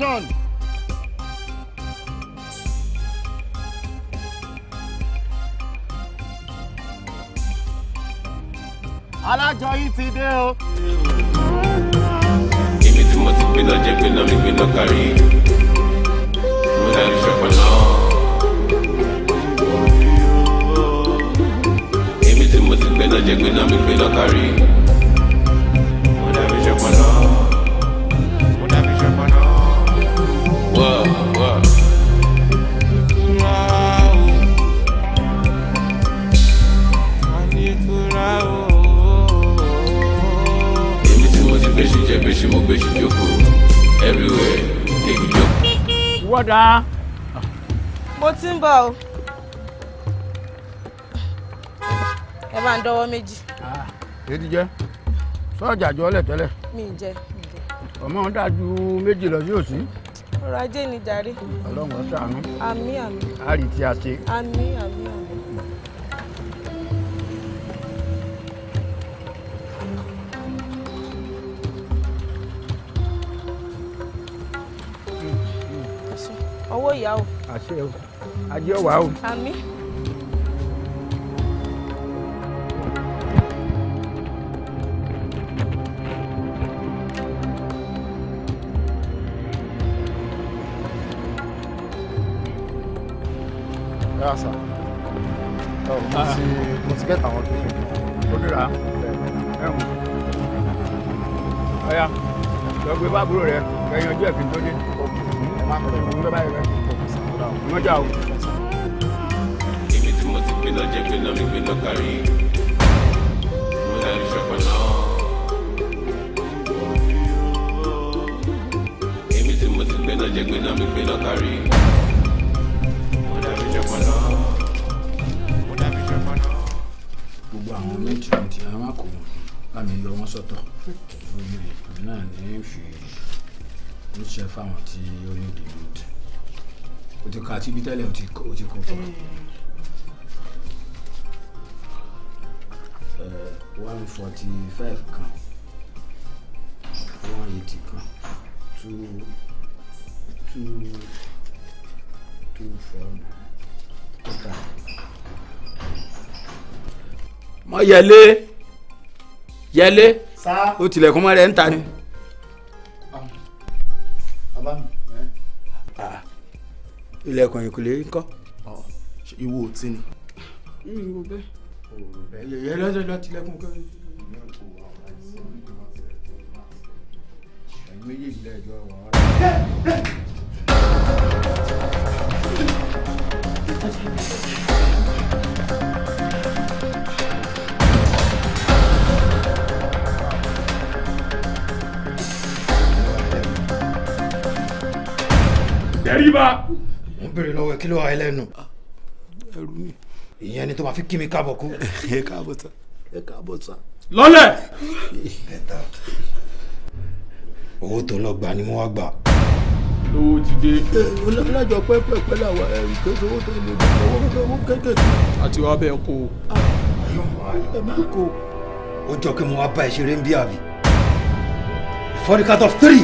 Johnson. ṣé ti jẹ́ sọ́ọ̀jà jọ ọ́lẹ̀ tẹ́lẹ̀. mi ì jẹ mi ì jẹ. ọmọ ń dájú méjì lọ yóò sí. ọrọ̀ ajé ni jàre. ọlọ́run ó ṣàánú. àmín àmín. a rí tí a ṣe. àmín àmín àmín. owó hmm, hmm. ìyá o. àṣẹ o ajé ọwà o. àmín. yà sà ọ mo ah. ti mo ti kẹta àwọn kìíní. onírà ẹ̀wọ̀n ọ̀ya lọ gbé bá àbúrò rẹ kẹyìn ọjọ́ ẹ̀kí tó dé. ìmọ̀jà o. èmi tí mo ti pè lọ jẹ́ pé lọ́ mi pè lọ kárí mo dárí ṣọ̀pọ̀ náà. èmi tí mo ti pè lọ jẹ́ pé lọ́ àwọn méjì ní ti àwọn kò lámì yọ wọn sọ́tọ̀ lórí èmi náà ní fi ń fáwọn tí ó ní ìdìbò o ti ka àti ibi tẹ́lẹ̀ o ti kó o ti kó fún eh, one forty five kan. yẹlé yẹlé o tilẹ̀kùn mọ́ rẹ̀ ń ta ni. ilẹ̀kùn ìkùlé ń kọ́. ìwọ ò tí ni. ìwọ bẹ́ẹ̀. yẹlé lọ Thank you. tẹríba. mo ń bèrè lọ́wọ́ ẹ kí ló wà ẹlẹ́nu. Ah, ẹrù mi. ìyẹn ni tó máa fi kí mi káàbọ̀ kú. ẹ káàbọ̀ sá ẹ káàbọ̀ sá. lọ́lẹ̀. owó tó lọ gbà ni mo wá gbà. lówó ti dé. ọlọ́jọ́ pẹ́pẹ́pẹ́ làwọn ẹ̀rù kékeré owó tó lè gbà owó kékeré. àti wàá bẹ́ẹ̀ kó o. Ah, ẹ̀mí kò. ó jọ pé mo wá bá ẹ ṣeré ń bí àbí. for the count of three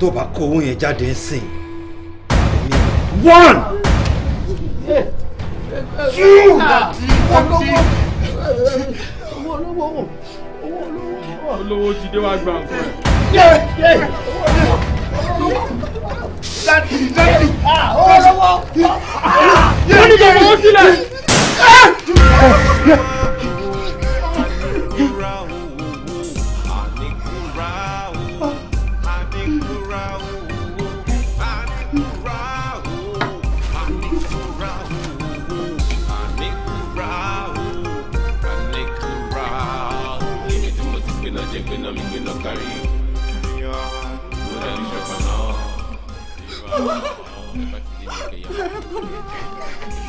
tó bá kó owó yẹn jáde ń sìn. One! Two! Olówó ti dé wá gba nǹkan ẹ̀. Láti láti olówó. Wọ́n ní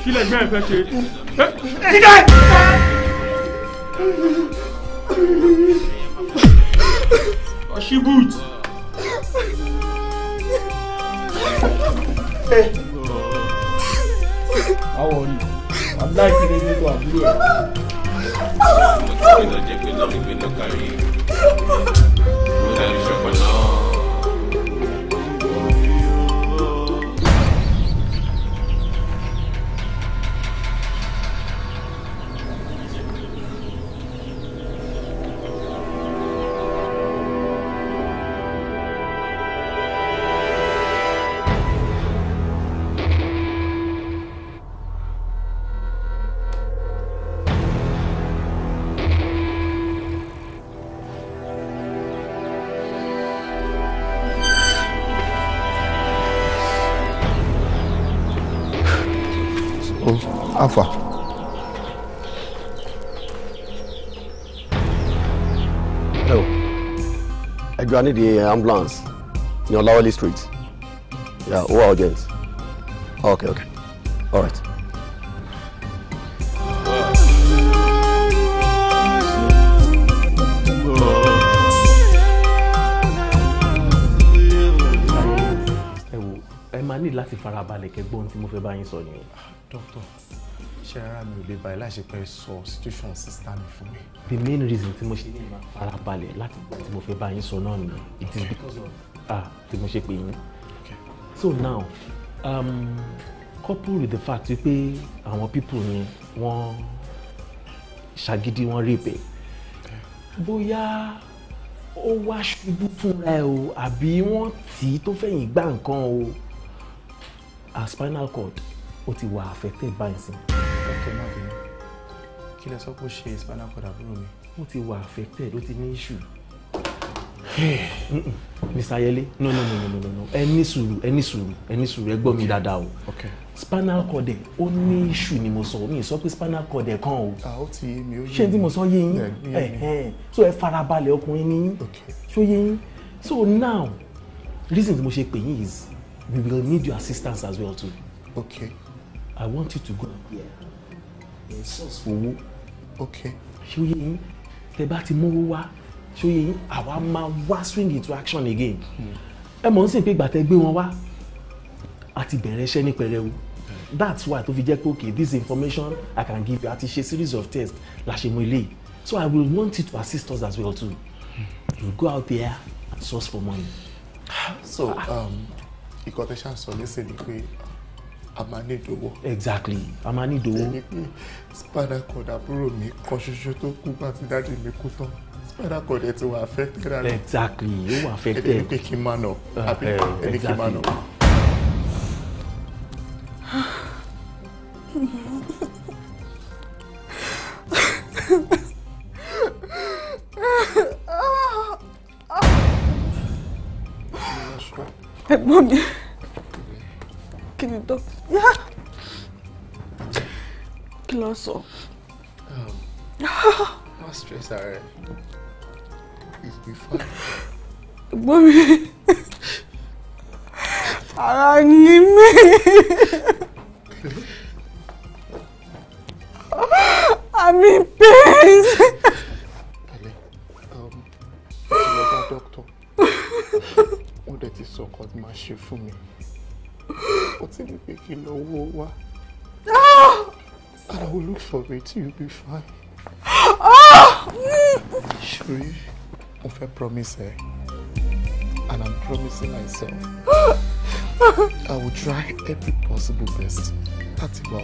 kílẹ̀ gbẹ́ fẹ́ ṣe. Eh, jíjẹ́. ọṣí boot. báwo ni aláìsí ni nípa àbúrò ẹ. ọjọ́ ìdájẹ́ pé lọ́mí pé lọ́kàrí. mo dárí ṣọ́pọ̀ náà. do I need the uh, ambulance ní Ọláwọlé street yeah who are urgent okay okay all right. ẹ wo ẹ máa ní láti farabalẹ̀ kẹ́gbọ́n tí mo fẹ́ bá yín sọ nìyẹn. dókítà ṣe ara mi ò lè báyìí láṣẹ pé sọ situation sister mi fún mi. the main reason tí mo ṣe ní máa farabalẹ̀ láti gbà tí mo fẹ́ bá yín sọ náà ni it is because of ah tí mo ṣe pè yín. so now um, couple with the fact wípé àwọn people ni wọ́n ṣàgídí wọ́n rèébẹ̀ bóyá ó wá ṣubú fúnra ẹ o àbí wọ́n tì í tó fẹ̀yìn gbá nǹkan o her spinal cord ó ti wà affected by nsìn kẹ́ kí lẹ sọ pé ó ṣe spinal cord àbúrò mi. ó ti wà affected ó ti ní issue. mr ayele no no no no no no ẹ ní sùúrù ẹ ní sùúrù ẹ ní sùúrù ẹ gbọ́ mi dáadáa o spinal cord ẹ ó ní issue ni mo sọ mi sọ pé spinal cord ẹ kan o. a ó ti ṣé tí mo sọ yé yín so ẹ farabalẹ̀ ọkùnrin ní ṣó yé yín so now reason tí mo ṣe pè yín is we will need your assistance as well too. okay. i want you to go. Yeah ẹ̀ sọ̀s fowó ok ṣóyè yín tẹ bá ti mówó wá ṣóyè yín àwa máa wá swing into action again ẹ mọ̀ ń sìn pé ìgbà tẹ gbé wọn wá a ti bẹ̀rẹ̀ iṣẹ́ ní pẹrẹwu that's why tó fi jẹ́ pé okay this information i can give you a ti ṣe series of tests la ṣe mú eléyìí so i will want you to assist us as well too you go out there and source for money. so ìkọ́tẹ́sà um, sọ lẹ́sẹ̀ ni pé a máa exactly a máa ẹni pé spinal cord àbúrò mi kan ṣoṣo tó kú bá ti dáàdi mi kú tán spinal cord ẹ ti wà affected àná. exactly ó wà affected. ẹni pé kí n máa nà àbí eh, ẹni kí n máa nà. ẹ̀gbọ́n mi. ló sọ. má stress ara ẹ it's been fun. gbọ́ mi ara wait, you'll be fine. Shuri, mo fẹ́ promise ẹ, and I'm promising myself. I will try every possible best. Láti wà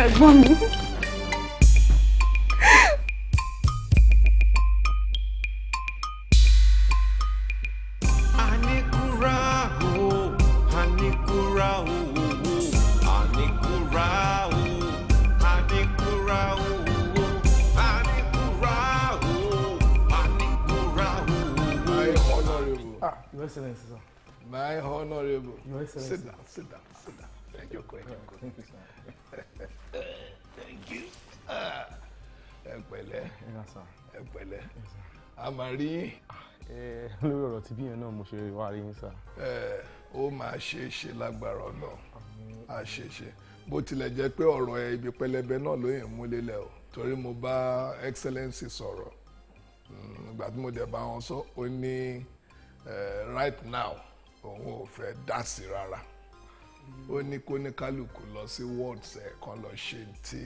I Ẹ̀gbọ́n mi. ẹ pẹ̀lẹ́ a máa rí yín. Ah, eh, lórí ọ̀rọ̀ tí bíyẹn náà mo ṣe wá rí yín sá. ó máa ṣe é ṣe lágbára ọ̀nà á ṣe é ṣe bó tilẹ̀ jẹ́ pé ọ̀rọ̀ ẹ ibi pẹlẹbẹ náà ló yẹn mú lélẹ̀ o torí mo bá excellency sọ̀rọ̀ hmm, ìgbà tí mo dẹ̀ bá wọn sọ ó ní right now òun ò fẹ́ dá sí rárá ó ní kóníkálukú lọ sí wards ẹ̀ kan lọ ṣe ti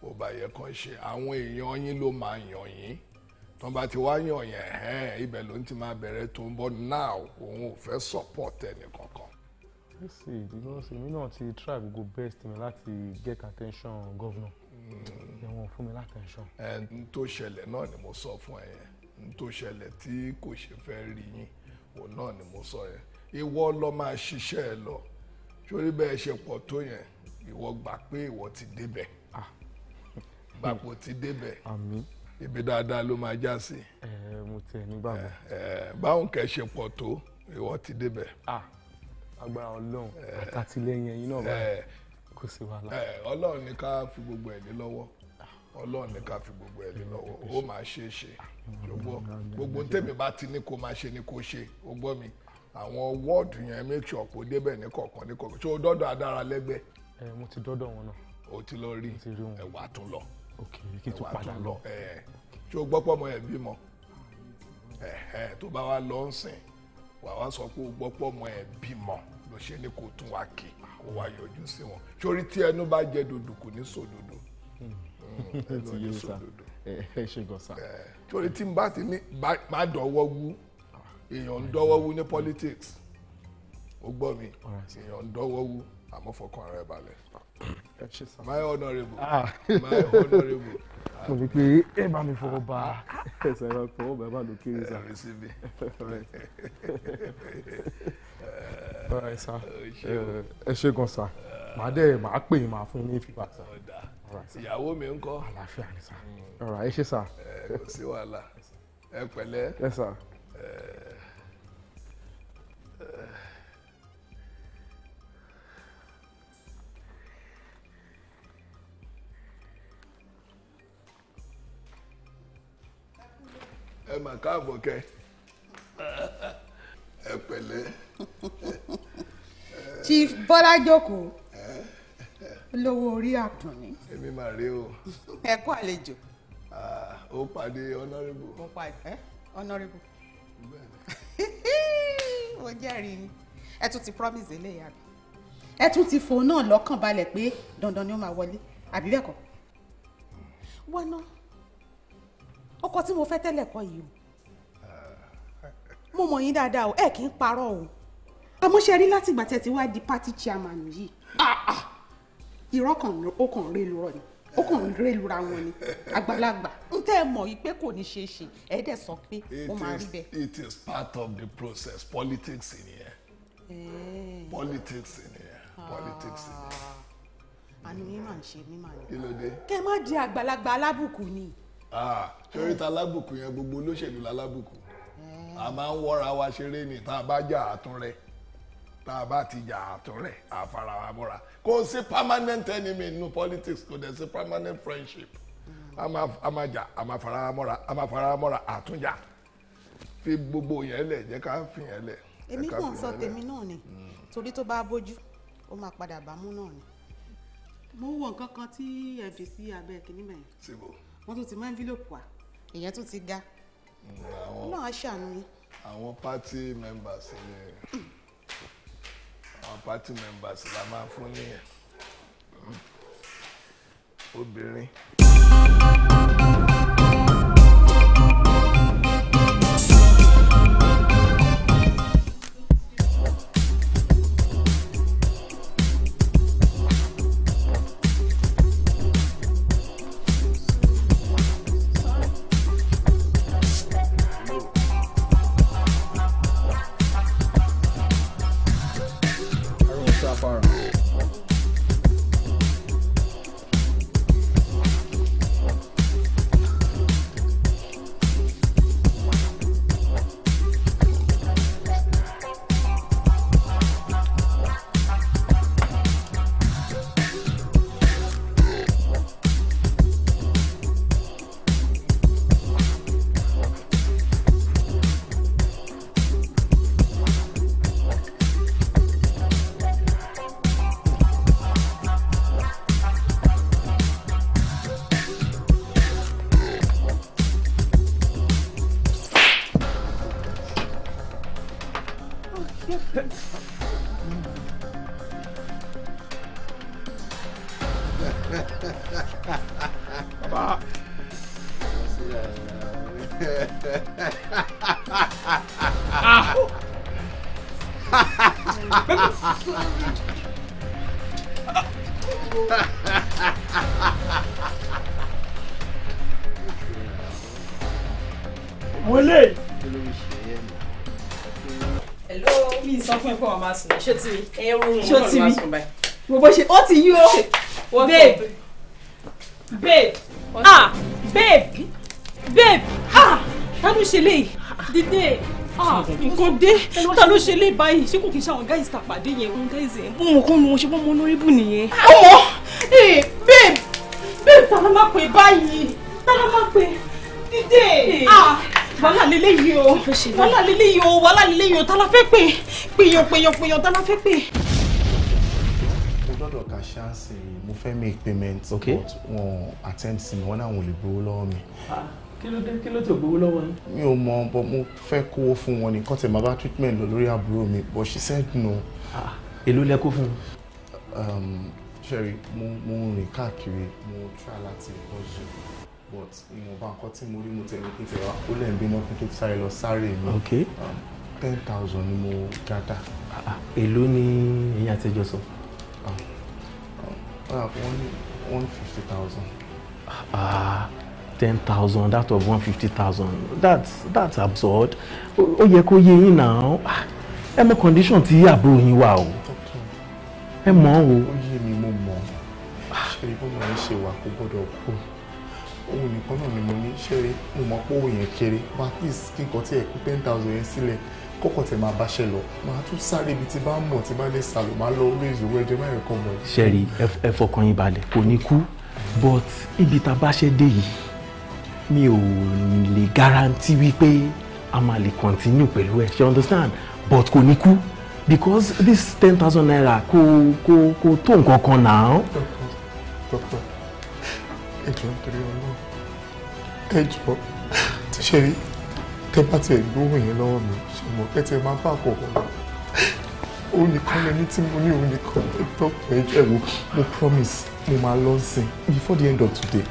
kò bá yẹ kán ṣe àwọn èèyàn yín ló máa yàn yín tó bá ti wá yàn yẹn ẹ̀ẹ́n ibẹ̀ ló ń ti máa bẹ̀rẹ̀ tó ń bọ̀ now òun ò fẹ́ support ẹnì kankan. lẹ́sì ìdílé ọ̀sẹ̀ mi náà ti try gbogbo best mi láti get attention governor ẹ̀wọ̀n hmm. fún mi látẹ̀sán. ẹ n tó ṣẹlẹ̀ náà ni mo sọ fún ẹ yẹn n tó ṣẹlẹ̀ tí kò ṣe fẹ́ rí yín òun náà ni mo sọ yẹn ìwọ lọ máa ṣiṣẹ́ ẹ lọ sórí bẹ́ẹ̀ ṣe pọ̀ tó yẹn ìwọ gbà pé ìwọ ti débẹ̀ bàpò ti débẹ̀ ibi dáadáa ló máa já sí. mo ti ẹ̀ nígbà mọ́. báwọn kẹ́ ṣe pọ̀ tó ìwọ ti débẹ̀. agbára ọlọ́run àtàtìlẹ́yìn ẹ̀yin náà báyìí kò sí wàhálà. ọlọ́run ní ká fi gbogbo ẹ̀ lé lọ́wọ́ ọlọ́run ní ká fi gbogbo ẹ̀ lé ó máa ṣe é ṣe ah, gbogbo tèmi bá ti ní kó máa ṣe ni kó ṣe ó gbọ́ mi àwọn wọ́ọ̀dù yẹn make sure kó débẹ̀ ní kọ̀ọ̀kan ní kọ̀ọ̀kan ṣé o dọ́dọ̀ adára lẹ́gbẹ̀ẹ́. mo ti dọ́dọ̀ wọn náà. o ti lọ rí ẹ̀wà tún lọ ok kí n tún padà lọ. ṣé o gbọ́ pọ̀ mọ́ ẹ̀ bímọ tó bá wa lọ ń sìn wà wá sọ pé o gbọ́ pọ̀ mọ́ ẹ̀ bímọ ló ṣe ni kò tún wá kí kó wá yọjú sí wọn sórí tí ẹnu bá jẹ dòdò kò ní sòdòdò hmm. hmm, ẹnu ò ní sòdòdò ẹ ṣe gọ̀sà. torí tí n bá ti ní má dọ̀wọ́ wú ah. èèyàn ń dọ́wọ́ wú ní politics ó gbọ́ mi èèyàn ń dọ́wọ́ wú àmọ́ fọkàn ara ẹ balẹ̀. my honourable ah. my honourable. mo ní pé ẹ bá mi fọwọ́ bá a. ẹsẹ̀ rẹ fọwọ́ bá a bá lò kiri sa. ẹ ṣe mi. ọ̀rẹ́ sá ẹ ṣe gan sá màá dẹ̀ màá pè é màá fún yín fìgbà sá. ìyàwó mi ń kọ́. àlàáfíà ni sá. ọ̀rọ̀ ẹ ṣe sá. ẹ kò sí wàhálà ẹ pẹ̀lẹ́. ẹ sá. ẹ ẹ mà káàbọ̀ kẹ́ ẹ pẹ̀lẹ́. Chief Bọ́lá jókòó lówó orí àtúnni. èmi mà rí o. ẹ kú àlejò. ó pàdé honourable. mo pàdé ẹ honourable. mo jẹ́rìí yín ẹ tún ti promise eléyìí àbí ẹ tún ti fòun náà lọ́kàn balẹ̀ pé dandan ni ó máa wọlé àbí bẹ́ẹ̀ kọ́. wọ́n náà ọkọ tí mo fẹ́ tẹ́lẹ̀ kọ́ yìí o eh. mo mọ̀ yín dáadáa o ẹ kì í parọ́ o àmọ́ ṣe rí láti ìgbà tẹ́ ti wá di party chairman yìí ah, ah. irọ́ kan ó kàn ré lurọ̀ ni ó kàn ń ré wọn ni àgbàlagbà ń tẹ́ ẹ mọ̀ yìí pé kò ní ṣe é ṣe ẹ dẹ̀ sọ pé ó máa rí bẹ́ẹ̀. it is part of the process politics nìyẹn eh. politics nìyẹn ah. politics nìyẹn. àní mi máa ń ṣe mi máa ń. kí ló dé. kẹ́ ẹ má di àgbàlagbà alábùkù ni. Ah, torí ta lábùkù yẹn gbogbo olóṣèlú la lábùkù a máa ń wọ́ra wa ṣeré ni tá a bá jà àtún rẹ tá a bá ti jà àtún rẹ àfara wa kò sí permanent enemy nínú politics kò dẹ̀ sí permanent friendship a máa jà a máa fara wa mọ́ra a máa fara wa mọ́ra àtúnjà fi gbogbo yẹn lẹ̀ jẹ́ ká fi yẹn lẹ̀. èmi kàn sọ tèmi náà ni torí tó bá bójú ó máa padà bámú náà ni. mo wọ nǹkan kan tí ẹ fi sí abẹ́ kìnìún mẹ́yìn. síbò wọ́n tún ti máa ń envelope wa ìyẹn tún ti ga náà ṣàánú yín. àwọn party members ni àwọn party members la máa fún nìyẹn obìnrin. ṣó ti rí mo bó ṣe ó ti yí o. babe babe ah babe babe ah ta ló ṣe dídé ah nǹkan dé ta ló ṣe léyìí báyìí ṣé kò kí n ṣe àwọn gáyìí ta pàdé yẹn wọn gáyìí yẹn mo mọ kó nu wọn ṣe fọmọ onórébù nìyẹn. Ah, ọmọ ee eh, babe babe ta ló máa pè báyìí ta ló máa pè dídé eh. ah wàhálà lélẹ́yìí o wàhálà lélẹ́yìí o wàhálà lélẹ́yìí o ta la fẹ́ pè pèyàn pèyàn pèyàn tá a bá fẹ́ pè. mo dọ́dọ̀ ka ṣáàṣì mo fẹ́ make payment but wọn attend sí mi wọn náà wọn lè gbowó lọ́wọ́ mi. Ah, kí ló dé kí ló tó gbowó lọ́wọ́ yín. mi ò mọ but mo fẹ́ kówó fún wọn ní kọ́tẹ̀ máa bá treatment lọ lórí àbúrò mi but she said no. Ah, èló lẹ kó fún un. sherry um, mo mo rìn káàkiri mo try láti kọjú but ìwọ̀nba nǹkan tí mo rí mo tẹ̀lé kí n tẹ̀lé wa kó lẹ́ẹ̀bí náà kí n tó sáré lọ sáré mi. Um, ten thousand ni mo gada. Ah, ah, èló ni ẹ̀yin àtẹjọ sọ. wọ́n ah, ní one fifty thousand. ten thousand that of one fifty thousand that's that's absurd ó yẹ kó yé yín náà ẹ mọ condition tí àbúrò yín wà o ẹ mọ̀ o. ó yé mi mo mọ̀ ṣe bó máa ń ṣe wà kó gbọ́dọ̀ kú òun nìkan náà ni mo ní ṣe mo mọ̀ pé òun yẹn kéré but at least kí n kọ́ tí ẹ̀ kú ten thousand yẹn sílẹ̀ kọ́kọ́ tẹ̀ máa báṣẹ́ lọ màá tún sáré ibi tí bá ń mọ̀ tí bá lè sàlò máa lọ orí ìṣòwò ẹjẹ mẹ́rin kan mọ̀. sẹ́rí ẹ fọkàn yín balẹ̀ kò ní kú but ibi tá a báṣẹ́ dé yìí mi ò lè garanti wípé a máa lè continue pẹ̀lú ẹ̀ ṣe understand but kò ní kú because this ten thousand naira kò kò kò tó nǹkan kan náà. dọ́kítọ̀ ẹ̀jọ̀ nítorí ọlọ́run ẹ̀jọ̀ ṣe rí tẹ́ bá tiẹ̀ gbóhùn yẹn lọ́wọ́ mi mọ̀ kẹ́tì ẹ máa bá àkọ́kọ́ lọ òun nìkan lẹni tí mo ní òun nìkan dọ́pọ̀ ẹ̀jẹ̀ wo mo promise mo máa lọ sìn before the end of today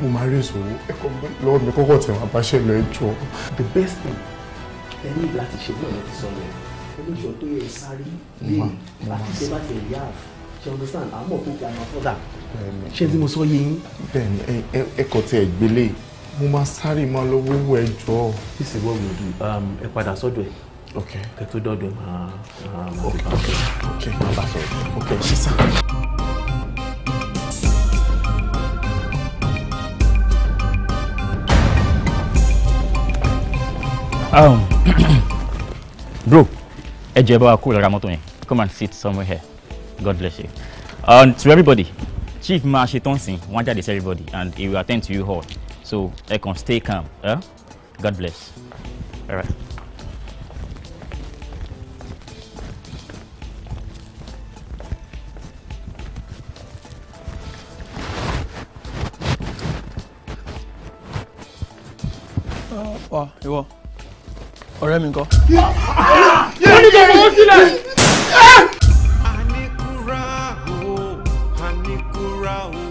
mo máa rí ìṣòro ẹ̀kọ́ lọ́wọ́ mi kọ́kọ́ tẹ̀ abáṣẹ́ lọ ẹjọ́. the best thing ẹ ní láti ṣe bí ọ̀rẹ́ ti sọ lọ ẹ ní ìṣọ́ tó yẹ sáré lè láti ṣe bá tẹ̀ yá ṣe understand àmọ́ òkú kí a máa fọ́dà ṣé tí mo sọ yé yín. ẹ ẹ kọ tí ẹ gbélé mo máa sáré máa lọ wíwọ ẹ jọ. this is what we do ẹ padà sọ́dọ̀ ẹ kẹ tó dọ́dọ̀ ẹ máa máa ti bá a sọ̀rọ̀ máa bá sọ̀rọ̀ ok ṣe sá. Um, bro, ẹ jẹ́ bá wa kó lára mọ́tò yẹn. Come and sit somewhere here. God bless you. Um, to everybody, Chief máa ṣetán sìn, wọ́n jáde sí everybody and he will attend to you all. So I can stay calm. Huh? God bless. All right. wa ìwọ ọ̀rẹ́ mi ńkọ́. wọ́n ní bẹ̀rẹ̀ sílẹ̀. àníkúra o àníkúra o.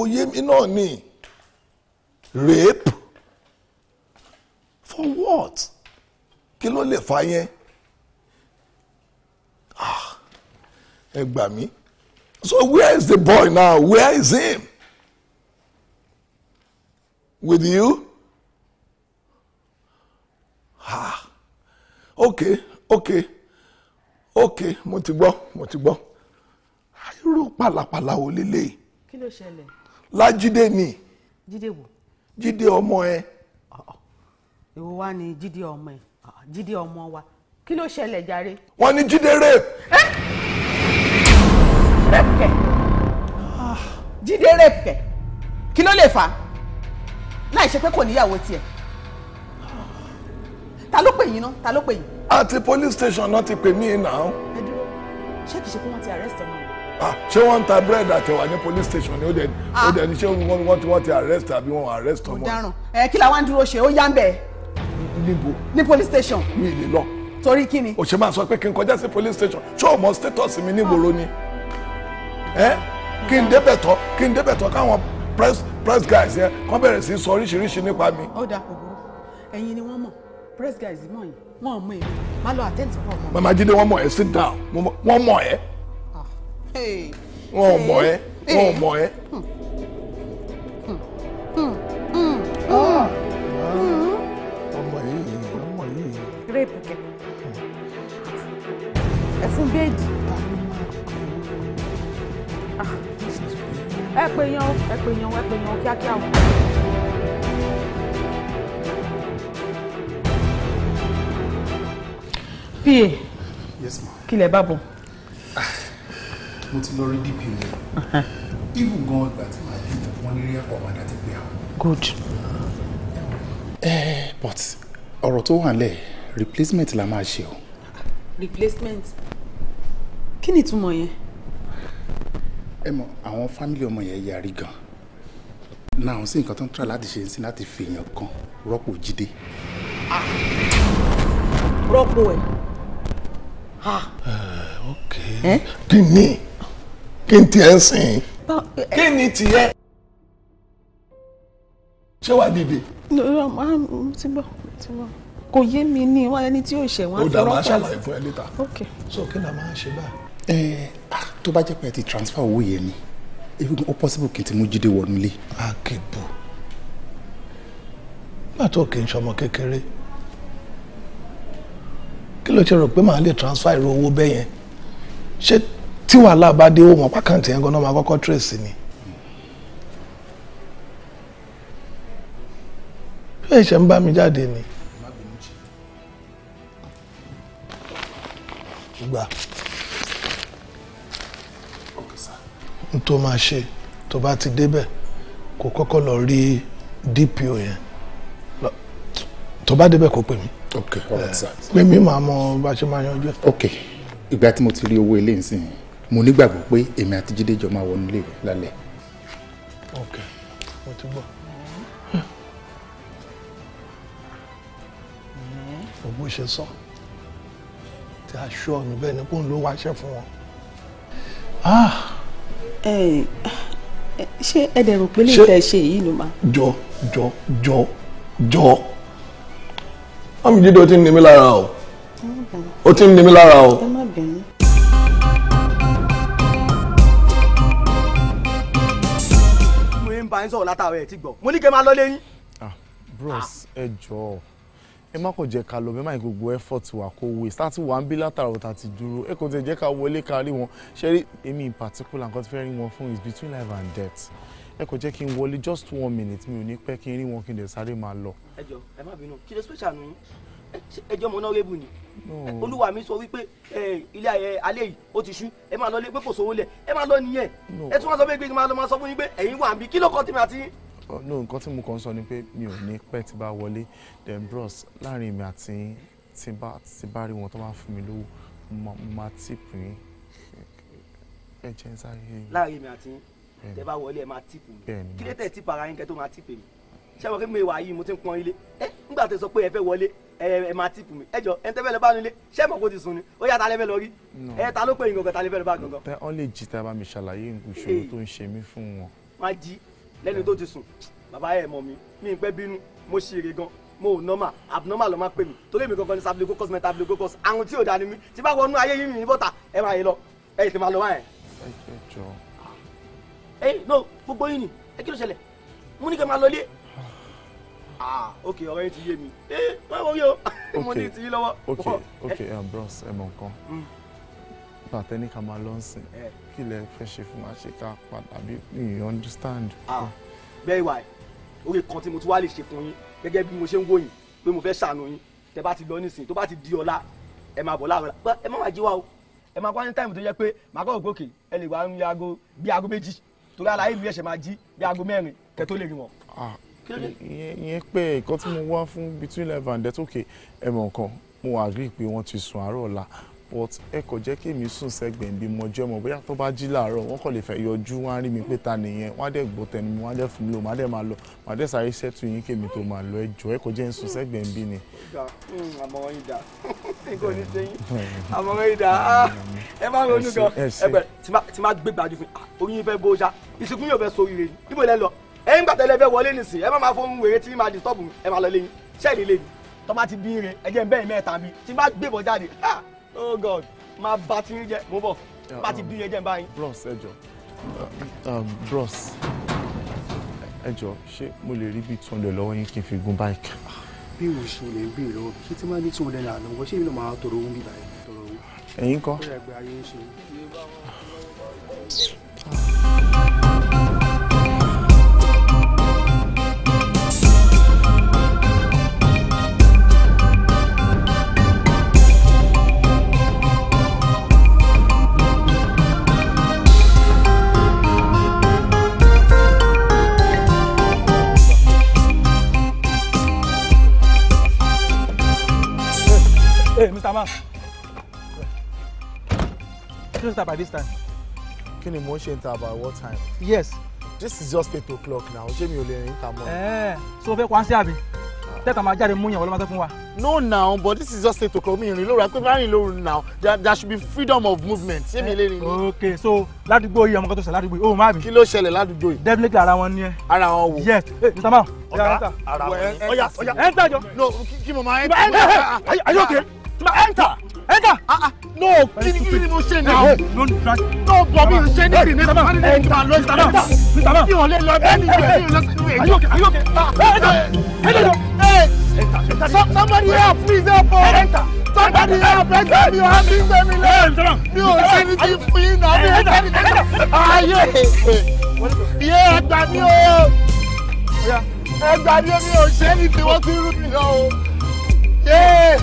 kò yé mi náà ni rape for what kí ló lè fa yẹn ah, ẹ gbà mí so where is the boy now where is him with you ah okay okay okay mo ti gbọ́ mo ti gbọ́ irú pàlàpàlà ò lélẹ́yìí. kí ló ṣẹlẹ̀ lájídé ni. Jide wo. Jide ọmọ ẹ. èwo wá ni jide ọmọ ẹ jíde ọmọ wa kí ló ṣẹlẹ̀ jàre. wọ́n ní jíde rape. rape kẹ̀ ah, jíde rape kẹ̀ kí ló lè fà á láì ṣe pé kò níyàwó tiẹ̀ ta ló pè yín náà ta ló pè yín. àti police station náà ti pè mí náà. ẹ dúró ṣé kìí ṣe pé wọ́n ti arrest ọmọ Ah, ṣé wọ́n ń ta búrẹ́dì àtẹ̀wà ní police station ni ó dẹ̀ ó ah. dẹ̀ ní ṣé wọ́n ti wọ́n ti arrest àbí wọ́n arrest ọmọ. ọ̀daràn ẹ kí la wá ń dúró ṣe ó yá ń bẹ̀. níbo ní police station. mi ì lè lọ. torí kí ni. òṣè máa sọ pé kí n kọjá sí police station ṣé o mọ status mi nígboro ah. ni. ẹ kí n débẹ̀ tọ́ kí n débẹ̀ tọ́ káwọn press press guys yẹn kọ́ bẹ̀rẹ̀ sí sọ oríṣiríṣi nípa mi. ó dà kò burú ẹ̀yin ni wọ́n mọ̀ press guys mọ̀ yín wọ́n mọ̀ ẹ̀ má lọ àtẹ́ǹtì pọ̀ mọ́. mama jide wọ́n mọ̀ ẹ́ sit down wọ́n mọ̀ ẹ́ wọn ò mọ̀ ẹ́ wọn ò mọ̀ ẹ́. ọmọ yìí ọmọ yìí. gírèpù kẹ ẹ fún béèdì ah. ẹ pè yan ẹ pè yan ẹ pè yan kíákíá o. pa. yes ma. kílẹ̀ bá bọ̀ mo ti lọ rí dp o even gan ìgbà tí màá dé wọn ní ẹ̀kọ́ ọ̀bàdà ti gbé good. ẹ eh, ẹ but ọ̀rọ̀ tó wà lẹ̀ replacement la máa ṣe o. replacement kí ni ìtumọ̀ yẹn. ẹ mọ àwọn fámìlì ọmọ yẹn yarí gan náà àwọn sí nǹkan tó ń tra láti ṣe sí láti fi èèyàn kan rọ́pò jíde. Ah. rọ́pò ẹ̀. Ah. Eh, ok eh? kí ni. Eh? kí n tiẹ̀ ń sìn. kí ni tiẹ̀. ṣé wàá dìde. lọ́wọ́ máa ń ti bọ̀ ti bọ̀ kò yé mi ní wá ẹni tí yóò ṣẹ̀ wọ́n á fi rọ́pò. ó dà máa ṣàlàyé fún ẹ lẹ́tà. so kí ni a máa ṣe báyìí. ẹ ẹ ah, tó bá jẹ́ pé ẹ ti transfer owó yẹn ni even ó possible kí n ti mú jíde wọnú ilé. akebo pàtó kì í ṣọmọ kékeré kí ló ti rò pé màá lè transfer irú owó bẹ́ẹ̀ yẹn ṣé tí wàhálà bá dé ó mọ̀ pákàntì yẹn gan-an máa kọ́kọ́ trace ni. bí ẹ̀ṣẹ̀ ń bá mi jáde ni. gbà n tó máa ṣe tó bá ti débẹ̀ kó kọ́kọ́ lọ rí DPO yẹn tó bá débẹ̀ kó pè mí eh, pè mí màá mọ bá ṣe máa yanjú ẹ̀. ok ìgbà tí mo ti rí owó ilé ìsìn mo nígbàgbọ́ pé èmi àti Jídé jọ máa wọnú ilé lálẹ́. ok mo ti gbọ́. Hmm. ògbó ṣe sọ tí a ṣọ mi bẹ́ẹ̀ ni kò ń lo wáṣẹ́ fún wọn. Ah! ṣé ẹ dẹ̀ rò pé lè fẹ́ ṣe yìí ló máa. jọ jọ jọ jọ àmì Jídé ó ti ń ni lára o ó ti ń ni lára o. ẹ má bínú. bá yín sọ̀rọ̀ látàwọn ẹ̀ ti gbọ́ mo ní kẹ́ máa lọ lé yín. Ah, bros ẹ jọ̀ọ́ ẹ má kàn jẹ́ ká lọ bẹ́ẹ̀ má yín gbogbo effort wa kó waste láti wà ń bí látara ọ̀tá ti dúró ẹ kò tẹ̀ jẹ́ ká wọlé ká rí wọn ṣe èmi in particular nǹkan tí fẹ́ rí wọn fún is between life and death ẹ kò jẹ́ kí n wọlé just one minute mi ò ní pẹ́ kí n rí wọn kí n dẹ̀ sáré máa lọ. ẹ jọ̀ọ́ ẹ má bínú kí lè special nù ẹjọ́ mọ náà rébù ni olúwa mi sọ wípé ilé alẹ́ yìí ó ti ṣú ẹ máa lọ lé pé kò sówó lẹ̀ ẹ máa lọ nìyẹn ẹ tún wá sọ pé gbégi máa lọ máa sọ fún yín pé ẹ̀yin wà níbí kí ló kọ́ tèmi àti. no nǹkan tí mo kàn ń sọ ni pé mi ò ní pẹ́ tí bá wọlé then bros láàrin mi àti tí bá tí bá rí wọn tó bá fún mi lówó mo máa tíìpù yín ẹ jẹ́ sáré. láàrin mi àti tẹ bá wọlé ẹ máa tíìpù mi kí lè tẹ̀ tíìpù ara yín kẹ́ tó máa tíìpù mi ṣé àwọn kémi wà yìí mo ti ń pọn ilé ẹ nígbà tó sọ pé ẹ fẹ́ wọlé ẹ ẹ máa tìpù mi ẹ jọ ẹ ń tẹ́ fẹ́ lọ bá nílé ṣé mọ̀ kó ti sùn ni ó yà tá lẹ́fẹ́ lọ rí ẹ ta ló pè yín gangan ta lẹ́fẹ́ lọ bá gangan. tẹ ọ́n lè jí tá a bá mi ṣàlàyé ìṣòro tó ń ṣe mí fún wọn. wọn á jí lẹ́nu tó ti sùn bàbá ẹ̀ mọ̀ mi mi ń pẹ́ bínú mo ṣèrè gan mo normal abnormal ló máa pè mí torí èmi gangan ni staphylococcus metaphylococus àrùn tí ò dá ni mí tí bá wọnú ayé yìí ní bọ́tà ẹ máa yẹ lọ ẹ ti máa lọ wáyẹn. ẹ jọ. ni ẹ kí ló ṣẹlẹ̀ mo ní kí n máa Ah. ok ọ̀rọ̀ yìí ti yé mi ee wọ́n wọ́n yóò mo ní ìtìyí lọ́wọ́. ok eh. ok bros ẹ mọ nǹkan mm. bàtẹ́ ní ká máa lọ sìn eh. kí lẹ fẹ́ ṣe fún wa ṣe ká padà bí you understand. bẹ́ẹ̀ ah. wà orí kan tí mo tún wá lè ṣe fún yín gẹ́gẹ́ bí mo ṣe ń wò yín pé mo fẹ́ ṣàánú yín tẹ bá ti lọ nísìnyí tó bá ti di ọ̀la ẹ máa bọ̀ láàárọ̀ la ẹ má wá jí wa o ẹ máa wá ní táìmù tó yẹ pé màá kọ́ ògbókè ẹ lè wá ń rí bí aago méjì torí àlàyé ẹ̀ṣẹ̀ máa jí bí aago mẹ́rin kẹ́ tó lè rí wọn. Ah, ìyẹn pé nǹkan tí mo wá fún between eleven and that's okay ẹ mọ̀ mo agree pé wọ́n ti sùn àárọ̀ ọ̀la but ẹ jẹ́ kí èmi sùn sẹ́gbẹ̀ẹ́ bí mo jẹ́ mọ̀ bóyá tó bá jí làárọ̀ wọ́n kàn lè fẹ́ yọjú wọ́n á rí mi pé ta nìyẹn wọ́n á dẹ̀ gbọ́ tẹnu mi wọ́n á dẹ̀ fún mi lò wọ́n á dẹ̀ máa lọ wọ́n á dẹ̀ sáré ṣẹ́tù yín kí èmi tó máa lọ ẹ jọ̀ọ́ jẹ́ sùn sẹ́gbẹ̀ẹ́ bí ni. Hmm, àmọ̀ràn ìdá nǹkan ní sẹ́yìn hmm. àmọ̀ràn ìdá hmm. ah, ẹ ẹ̀yin gbàtẹ́ lẹ́fẹ́ wọlé nìsín ẹ má máa fóun wèrè tí máa disturb ẹ máa lọ lẹ́yìn ṣẹ́ẹ̀lì lẹ́yìn. tọ́ba ti bí ire ẹ̀jẹ̀ bẹ́ẹ̀ mẹ́ta mi tí bá gbébọn jáde ah oh god máa bá ti ń jẹ mo bọ̀ bá ti bí ire jẹ́ ń bá yín. bros ẹ jọ um, bros ẹ jọ ṣé mo lè rí bíi two hundred lọ́wọ́ yín kí n fi gun báyìí. bí o ṣe lè ń béèrè lọ́wọ́ ṣé tí máa ní two hundred naira lọ́wọ́ ṣé ìlú máa tọrọ owó bíbá yẹn tọrọ owó. ẹ̀yin Hey, Mr. Man. Close by this time. Can ni motion ń ṣe by what time? Yes. This is just eight o'clock now. Ṣé mi ò lè rìn ta mọ́? Ẹ̀ẹ́ eh, so fẹ́ kwan sí àbí? Tẹ́tà máa jáde múyàn ọlọ́mọdé fún wa. No now but this is just eight o'clock mi I'm lóru àpé báyìí lóru now there, there should be freedom of movement. Ṣé mi lè rìn ní? Okay so ládùúgbò yìí ọmọ kan tó ṣe ládùúgbò yìí go. Oh, bì. Kí ló Let ládùúgbò yìí? Definitely ara wọn ni ẹ. Ara wọn wò. Yes Mr. Man. Ọ̀gá ara Oh ni. Oh ọ̀yà. Enter jọ. No keep my mind. enter. Are you okay? ma enter enter ah ah no kini kini mo ṣe na no no bobi n ṣe níbi mi sábà ní ẹni ma lọ sábà sábà mi ò lè lọ bẹ́ẹ̀ ni mi ò lè lọ sí ayé òkè ayé òkè enter enter enter somebody help please help o oh. enter somebody help enter mi ò hàn mi gbẹ mi lẹ mi ò ṣe ní ti fún yín náà mi ò ṣe ní ti fún ayé iye ẹgbà mi o ẹgbà mi ò ṣe ní ti wọ́n ti rú mi lọ o. Yeah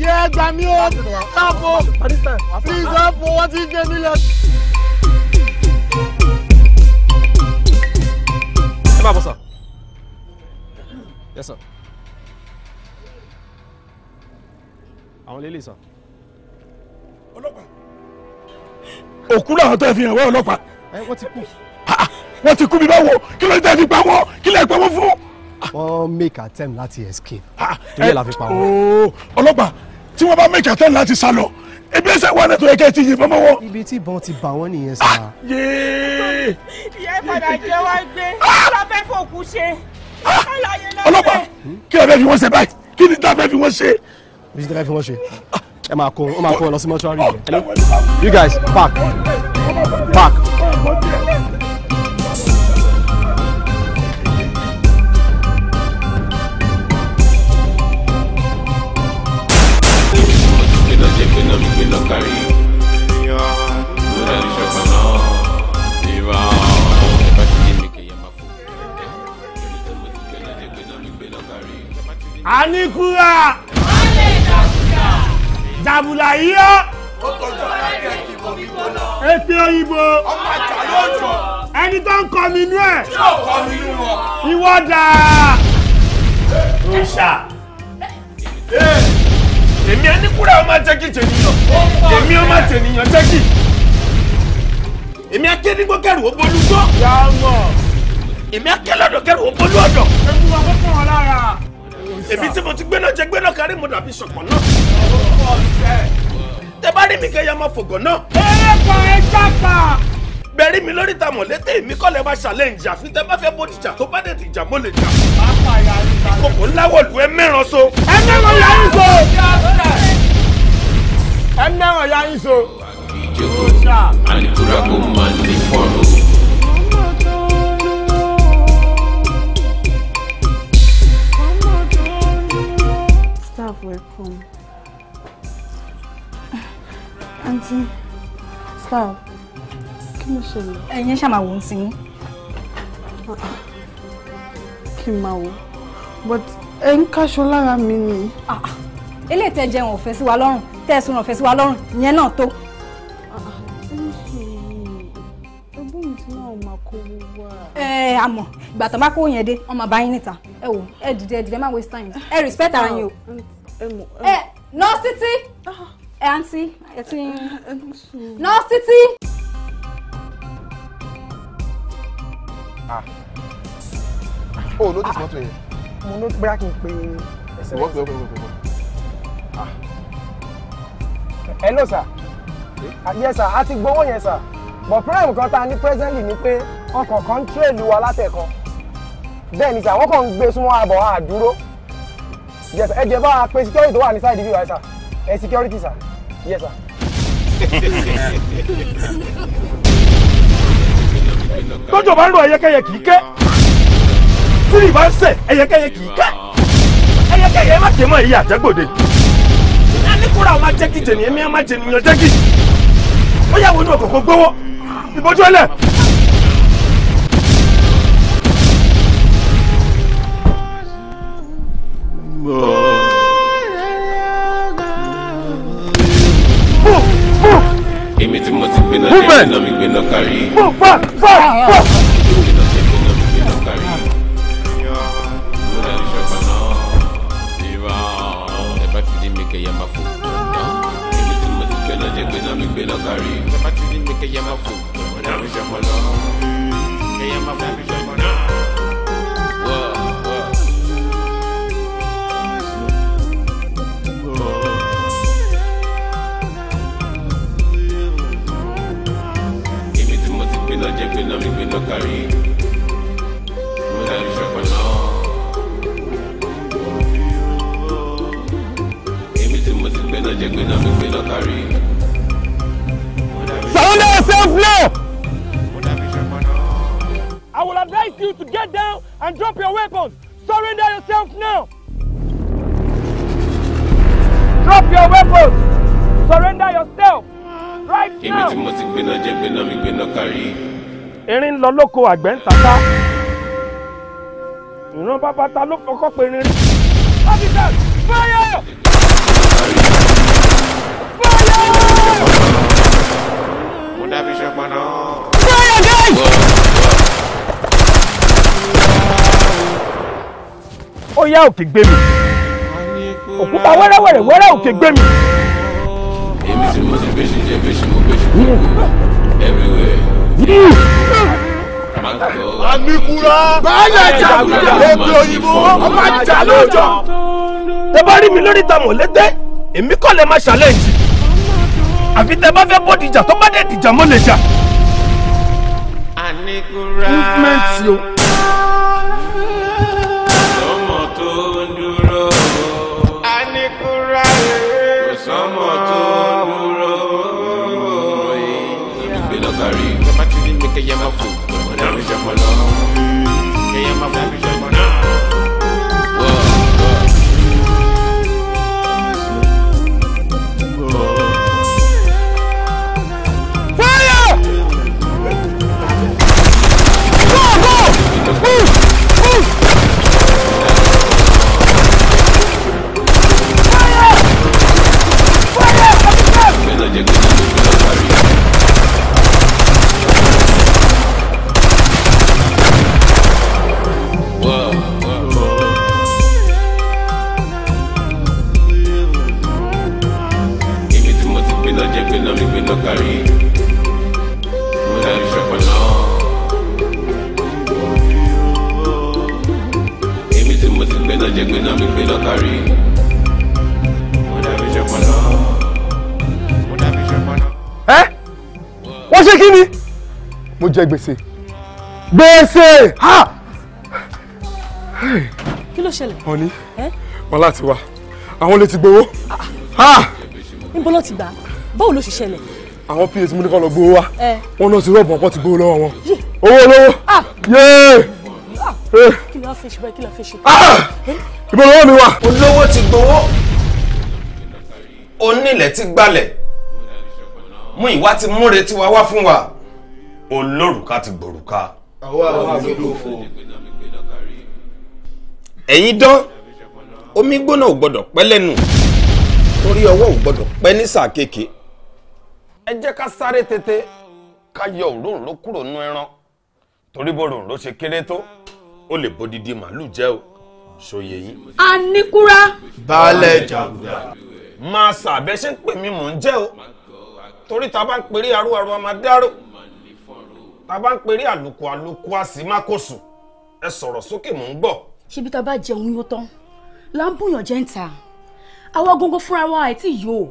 yẹ gbà mí o sáfò please sáfò wọ́n ti gbé mi lọ. ẹ bá bọ̀ sọ. Yes sir. àwọn lélẹ̀ sọ. ọlọ́pàá. òkú làwọn tó ẹ fi hàn wá ọlọ́pàá. ẹ wọ́n ti kú. wọ́n ti kú mi báwo kí ló ń tẹ́ fi pa wọ́n kí lè pa wọ́n fún. wọ́n make attempt láti escape. torí ẹ̀ la fi pa wọ́n. ọlọ́pàá tí wọ́n bá make attempt láti sá lọ ebi ẹsẹ wọn ẹtọ ẹkẹ ti yìnbọn mọ́ wọn. ibi tí ìbọn ti bà wọ́n nìyẹn sá. Ah, yéé. ìyá ìpadà jẹ́ wá gbé ah! lọ́fẹ́ fòkú ṣe. Ah! ọlọ́pàá kí ló fẹ́ fi wọ́n ṣe báyìí kí ni dáa fi wọ́n ṣe. bí ti fi wọ́n ṣe ẹ máa kó ẹ máa kó ẹ lọ sí mọ́ṣúárì. Oh, you guys park park. Oh, kaníkúrà. wọ́n lè jàbùlà. jàbùlà yìí ó. ó tọjú alájẹ kí mo bí gbóná. ètè òyìnbó. ọmọ àjà yóò jọ. ẹni tó ń kọ mi inú ẹ̀. yóò kọ mi inú wọn. ìwọ dáa. òòṣà. èmi ẹnikúrà ọmọ jẹ́kì tènìyàn èmi ọmọ tènìyàn jẹ́kì èmi akédégbò kẹrù ó bolú gbó. yàrá mọ̀. èmi akélọ́dọ̀ kẹrù ó bolú ọ̀dọ̀. ẹnu èmi tí mo ti gbéná jẹ gbéná kárí mo dàbí sọ̀pọ̀ náà. tẹ bá rí mi kẹyà máa fògàn náà. ẹ pa ẹ jápa. bẹ̀rí mi lórí ta mọ̀lẹ́tẹ̀ èmi kọ́ lẹ́ bá challenge àfi tẹ bá fẹ́ bó dìjà tó bá dẹ̀ dìjà mo lè jà. ìkòkò ńláwọ̀ lu ẹ mẹ́ràn so. ẹ mẹ́ràn ya yín so. ẹ mẹ́ràn ya yín so. àlìkùrà kò máa ń lè. welcome. Aunty, stop. Kí ló ṣẹlẹ̀? Ẹ̀yin ṣá máa wò ó sí yín. Kí n But ah, ah. Ah, ẹ ń káṣọ lára mi ni. Eléyìí tẹ jẹun ọ̀fẹ́ sí wa lọ́rùn, tẹ́ ẹ sunrun ọ̀fẹ́ sí wa lọ́rùn, ìyẹn náà tó. Ẹgbọ́n mi ti náà máa kó owó wá. Ẹ àmọ̀, ìgbà tó bá kó yẹn dé, ọmọ bá yín waste time. E respect ara yín ẹ nọ́ọ̀sì títí ẹ àǹtí ẹ ti nọ́ọ̀sì títí. o ò notice mọ́tò yẹn. mo ní bóyá kí n pe ẹsẹ̀ rẹ̀. wọ́n gbé wọ́n hello sir. Eh? Ah, yes sir a ti gbowó yẹn sir but prime kan ta ní presently ni pé ọkọ̀ kan ń tírèlù wa látẹ̀kan bẹ́ẹ̀ ni sir wọ́n kàn ń gbé súnmọ́ àbọ̀ àdúró yes ẹ jẹ́ bá a pe security tó wà ní side view ẹ sà ẹ security sà yes sà. tọ́jọ́ bá ń lo ẹyẹkẹyẹ kì í kẹ́ tírì bá ń sẹ̀ ẹyẹkẹyẹ kì í kẹ́ ẹyẹkẹyẹ má tẹ̀ mọ́ èyí àtẹ́gbòde alikura ọmọ jẹ́kì jẹ̀nìyàn mi ọmọ jẹ̀nìyàn jẹ́kì ó yà wọnú ọkọ̀ kó gbówó ìbójú ẹlẹ́. Move! Move! Move! Move! Move! Move! mi náà mi gbéná kárí. Surrender yourself now! I will advise you to get down and drop your weapons. Surrender yourself now! Drop your weapons! Surrender yourself! Right now! Ibi tí mo ti gbéná jẹ́ gbéná mi gbéná kárí. Erin ń lọ lóko àgbẹ̀ ń tata. Ìran bàbá ta ló fọkọ́ pe irin. Officers, fire! Abhishapano. ó yá òkè gbé mi òkúta wẹ́rẹ́wẹ́rẹ́ wẹ́rẹ́ òkè gbé mi. èmi tí mo ti bẹ́sì jẹ́ bẹ́sì mo bẹ́sì mo everywhere. Àmìkúra báyà jàgùjà èdè òyìnbó ọmọ àjà lóòjọ́. Tẹ bá rí mi lórí ìta mọ̀lẹ́tẹ́, èmi kọ́ lè máa ṣàlẹ́ ìjì àfi tẹ bá fẹ́ kó dìjà tó bá dẹ̀ dìjà mọ́ lè jà. movement o. ṣe kí ni mo jẹ gbèsè gbèsè ha. kí ló ṣẹlẹ̀. ọ̀ni wọn láti wá àwọn olè ti gbowó. níbo ló ti gbà báwo ló ṣe ṣẹlẹ̀. àwọn ps mú ní kọ́ lọ gbowó wa wọn náà ti rọ̀bù ọkọ ti gbowó lọ́wọ́ wọn owó olówó ah! yéé. Ah! Eh. kí ló fẹ́ ṣe báyìí kí ló fẹ́ ṣe. Ah! ìbọn owó mi wà. olówó ti gbowó onílẹ̀ ti gbalẹ̀ mú ìwá ti múre tiwa wá fún wa olórùka ti gbòrùka. àwa àwọn àgbẹ̀lòfò. ẹ̀yin dán omi gbóná ò gbọ́dọ̀ pẹ́ lẹ́nu torí ọwọ́ ò gbọ́dọ̀ pẹ́ ní sáà kéèké ẹ jẹ́ ká sáré tètè ká yọ òróǹro kúrò nú ẹran torí bó ròǹro ṣe kéré tó ó lè bodidi màálù jẹ́ o ṣòye yìí. a ní kúra. baálé jàgùdà. máa sàbẹ́sẹ̀ pè mí mò ń jẹ́ o torí ta bá ń pèrè àrò àrò àmàdárò ta bá ń pèrè àlòkù àlòkù àsì má kò sùn ẹ sọ̀rọ̀ sókè mò ń gbọ́. ṣebí ta bá jẹun yóò tán là ń bùyàn jẹ́ ń ta àwa gógó fúnra wa àìtí yìí o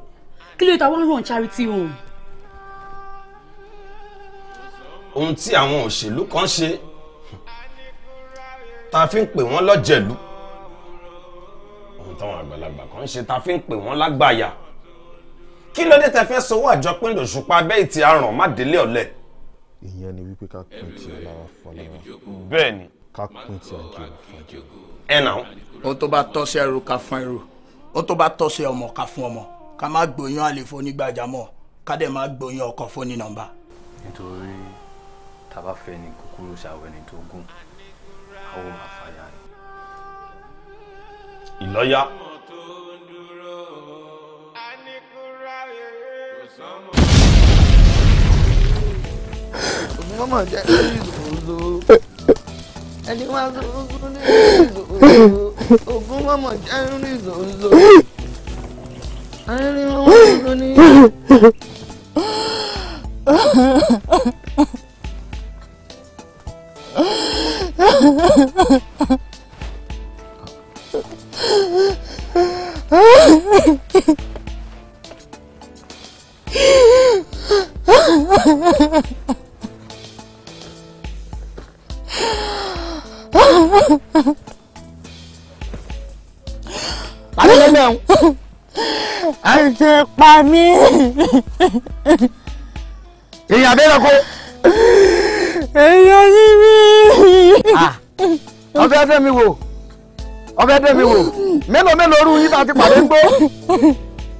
kí ló ta wá ń ràn charity home. ohun tí àwọn òṣèlú kan ṣe ta fi ń pè wọ́n lọ́jẹ̀lú ohun táwọn àgbàlagbà kan ṣe ta fi ń pè wọ́n lágbàyà kí ló dé tẹ fẹ́ sọwọ́ àjọpín lòṣùpá bẹ́ẹ̀ a àrùn má délé ọ̀lẹ. ìyẹn ni wípé ká pín tí ọlára fọlára. bẹ́ẹ̀ ni. ká pín tí àjò fàjò. ẹ nà. ó tó bá tọ́ sí ẹrú ká fún ẹrú ó tó bá tọ́ sí ọmọ ká fún ọmọ ká má gbóyún àlè fónígbàjámọ̀ ká dẹ̀ má gbóyún ọkọ̀ fóní nọ́mbà. nítorí tàbá fẹ́ ni kúkúrú ṣàwẹ́ni tó gùn àwọn àfàyà ni. ìlọ́yà. Mama jẹ́ ìdòdò. Ẹni máa ń sọ́kúrú ní ìdòdò. Ògún mama jẹ́ ìdòdò. Ẹni máa ń sọ́kúrú ní ìdòdò. Ha ha ha ha! Pàmí lẹ́nu ẹ̀hún. Ẹ ti pa mí. Èèyàn bẹ́ẹ̀ kó. Èèyàn ní mí. Ọbẹ̀ dẹ́ mi wò. Ọbẹ̀ dẹ́ mi wò. Mélòó mélòó rú yín bá ti pàdé gbó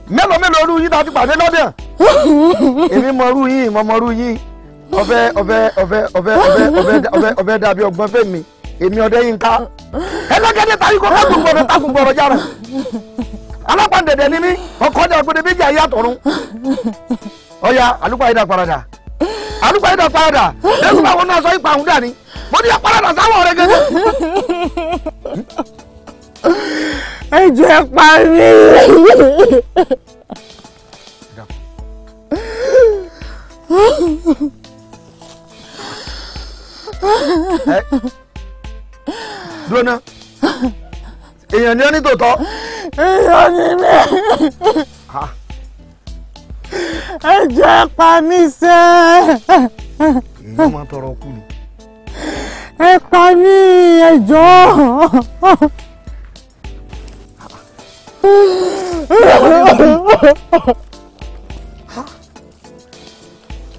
mélòó mélòó rú yín tá a ti pàdé lọ́dẹ̀ èmi mọ rú yín mọ mọ rú yín ọ̀fẹ́ ọ̀fẹ́ ọ̀fẹ́ ọ̀fẹ́ ọ̀fẹ́ ọ̀fẹ́ ọ̀fẹ́ dàbí ọgbọ́n fèmí èmi ọdẹ yín ká ẹlẹ́gẹ́dẹ́ tàbí kó kágun bọ̀rọ̀ tágun bọ̀rọ̀ jára alápàǹdẹ̀dẹ̀ ni mí ọkọ̀ ọdẹ ọgbẹ́dẹ méjì ayé àtọ̀run ọ̀ya àlùpàyídà parada àlùpàyídà parada lẹ́nu báwọn náà sọ ipa àwọn dání mo ní ẹ parada sáwọ̀ rẹ gẹ́gẹ́ ẹ jọ̀ọ́ ẹ pa mí. dúró ná èèyàn ni ó ní tòótọ́. èèyàn ni mí. ẹ jọ̀ọ́ ẹ pa mí sẹ́. èyí ló máa tọrọ kú ni. ẹ pa mí ẹ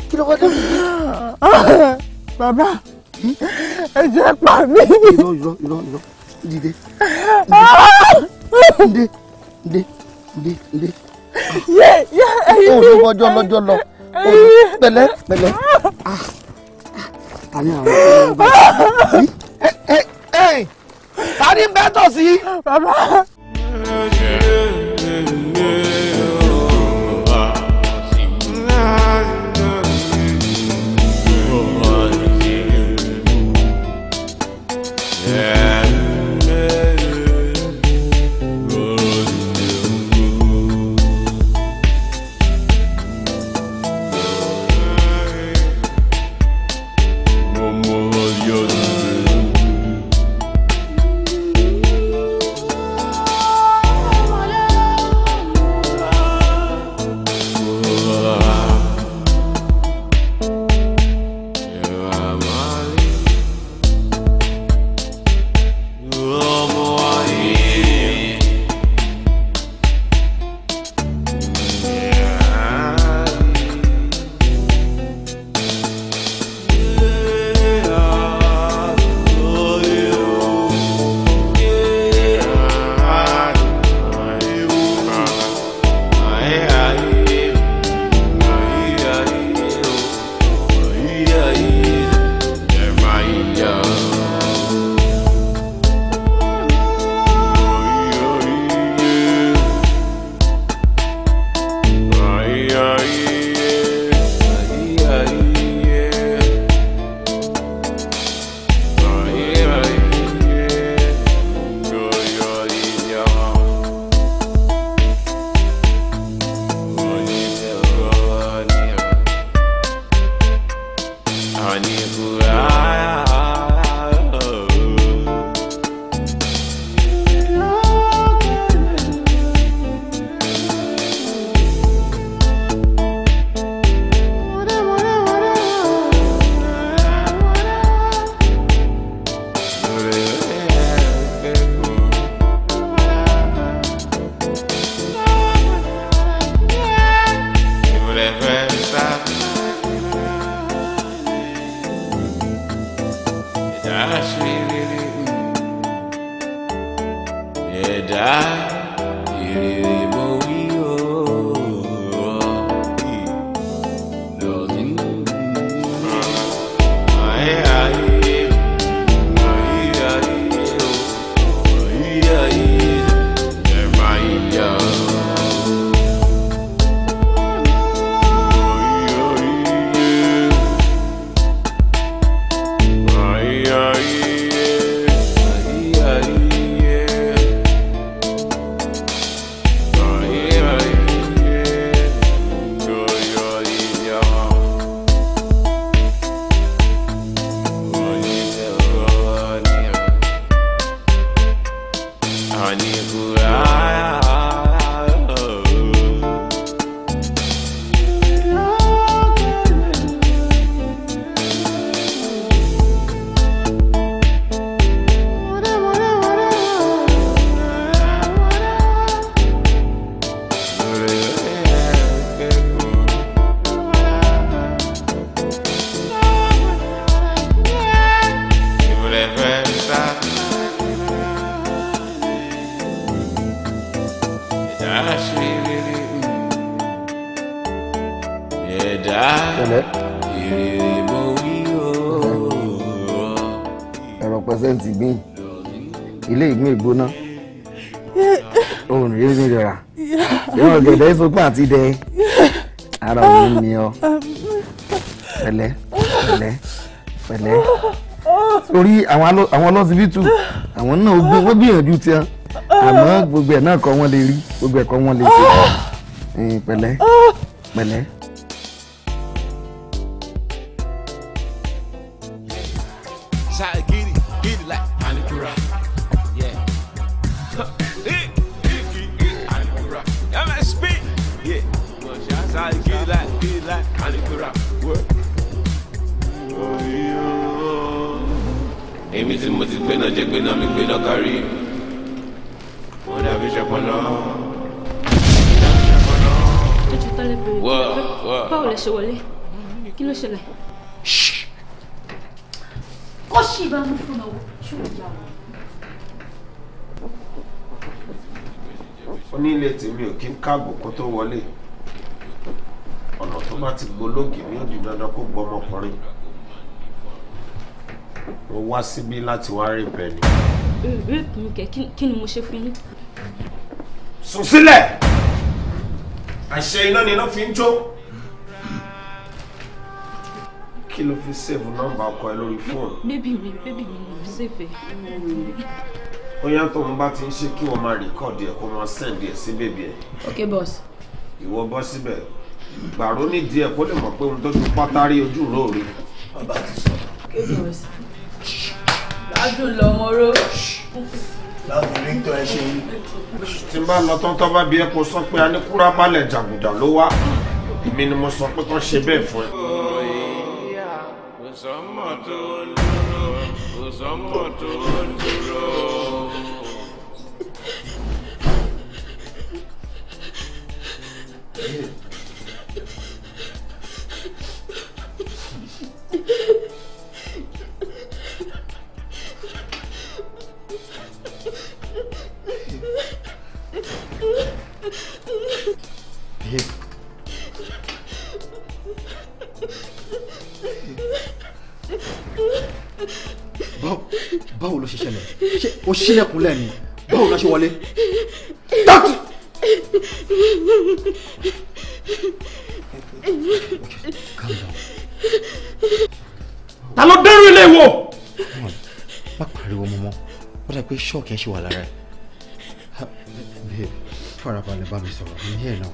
kí bàbá ẹ jẹ́ pa mí. irọ́ irọ́ irọ́ irọ́ dìde dìde dìde dìde dìde. o ní wọjọ lọjọ lọ pẹ̀lẹ́ pẹ̀lẹ́ àní ah. ah. àwọn ọmọ ọmọ bá yìí. tani bẹ́tọ̀ sí. bàbá. yeah. mà ti dẹ ara òun ni ọ pẹ̀lẹ́ pẹ̀lẹ́ pẹ̀lẹ́ torí àwọn ọlọ́sibítù àwọn náà wọ́n gbìyànjú tiẹ̀ àmọ́ gbogbo ẹ̀ náà kọ́ wọ́n lè rí gbogbo ẹ̀ kọ́ wọ́n lè ṣe pẹ̀lẹ́ pẹ̀lẹ́. káàbọ̀ kó tó wọlé ọ̀nà tó bá ti gbólógì ní òdì dandan kó gbọ́ ọmọkùnrin mo wá síbí láti wá rí bẹ́ẹ̀ ni. ìwé ìpín kẹ kí ni mo ṣe fún yín. sùn sílẹ̀ àṣẹ iná ni iná fi ń jó kí ló fi sèvù nọ́mbà ọkọ ẹ lórí fóònù. bébì mi bébì mi ló fi sèvù bóyá tó ń bá ti ń ṣe kí wọ́n máa rìkọ́ọ̀dì ẹ̀ kó máa sẹ́ǹdì ẹ̀ sí bèbí ẹ̀. ok boss. ìwọ bọ́ síbẹ̀ gbàrú nídìí ẹ̀ kó lè mọ̀ pé ohun tó ti pátárí ojú lóore. bàbá ti sọ. ok boss. ládùn lọmọ ró. ládùn ní tọ́ ẹ ṣe yín. tí n bá lọ tán tán bá bí ẹ kó sọ pé a ní kúrá balẹ̀ jàgùdà ló wá èmi ni mo sọ pé kán ṣe bẹ́ẹ̀ fún ẹ. kò sọ́mọ̀ tó ń dúró kò sọ́mọ̀ tó ń dúró. báwo ló ṣe ṣẹlẹ̀ ṣé o ṣílẹ̀kùn lẹ́ni báwo ló ṣe wọlé. dọ́kítì. ta ló dẹ́rù ilé wo. má pariwo mo mọ ó dà pé ṣọ́ọ̀kì ẹ ṣì wà lára ẹ. babe farabalẹ̀ bá mi sọ̀rọ̀ ní ẹ̀ náà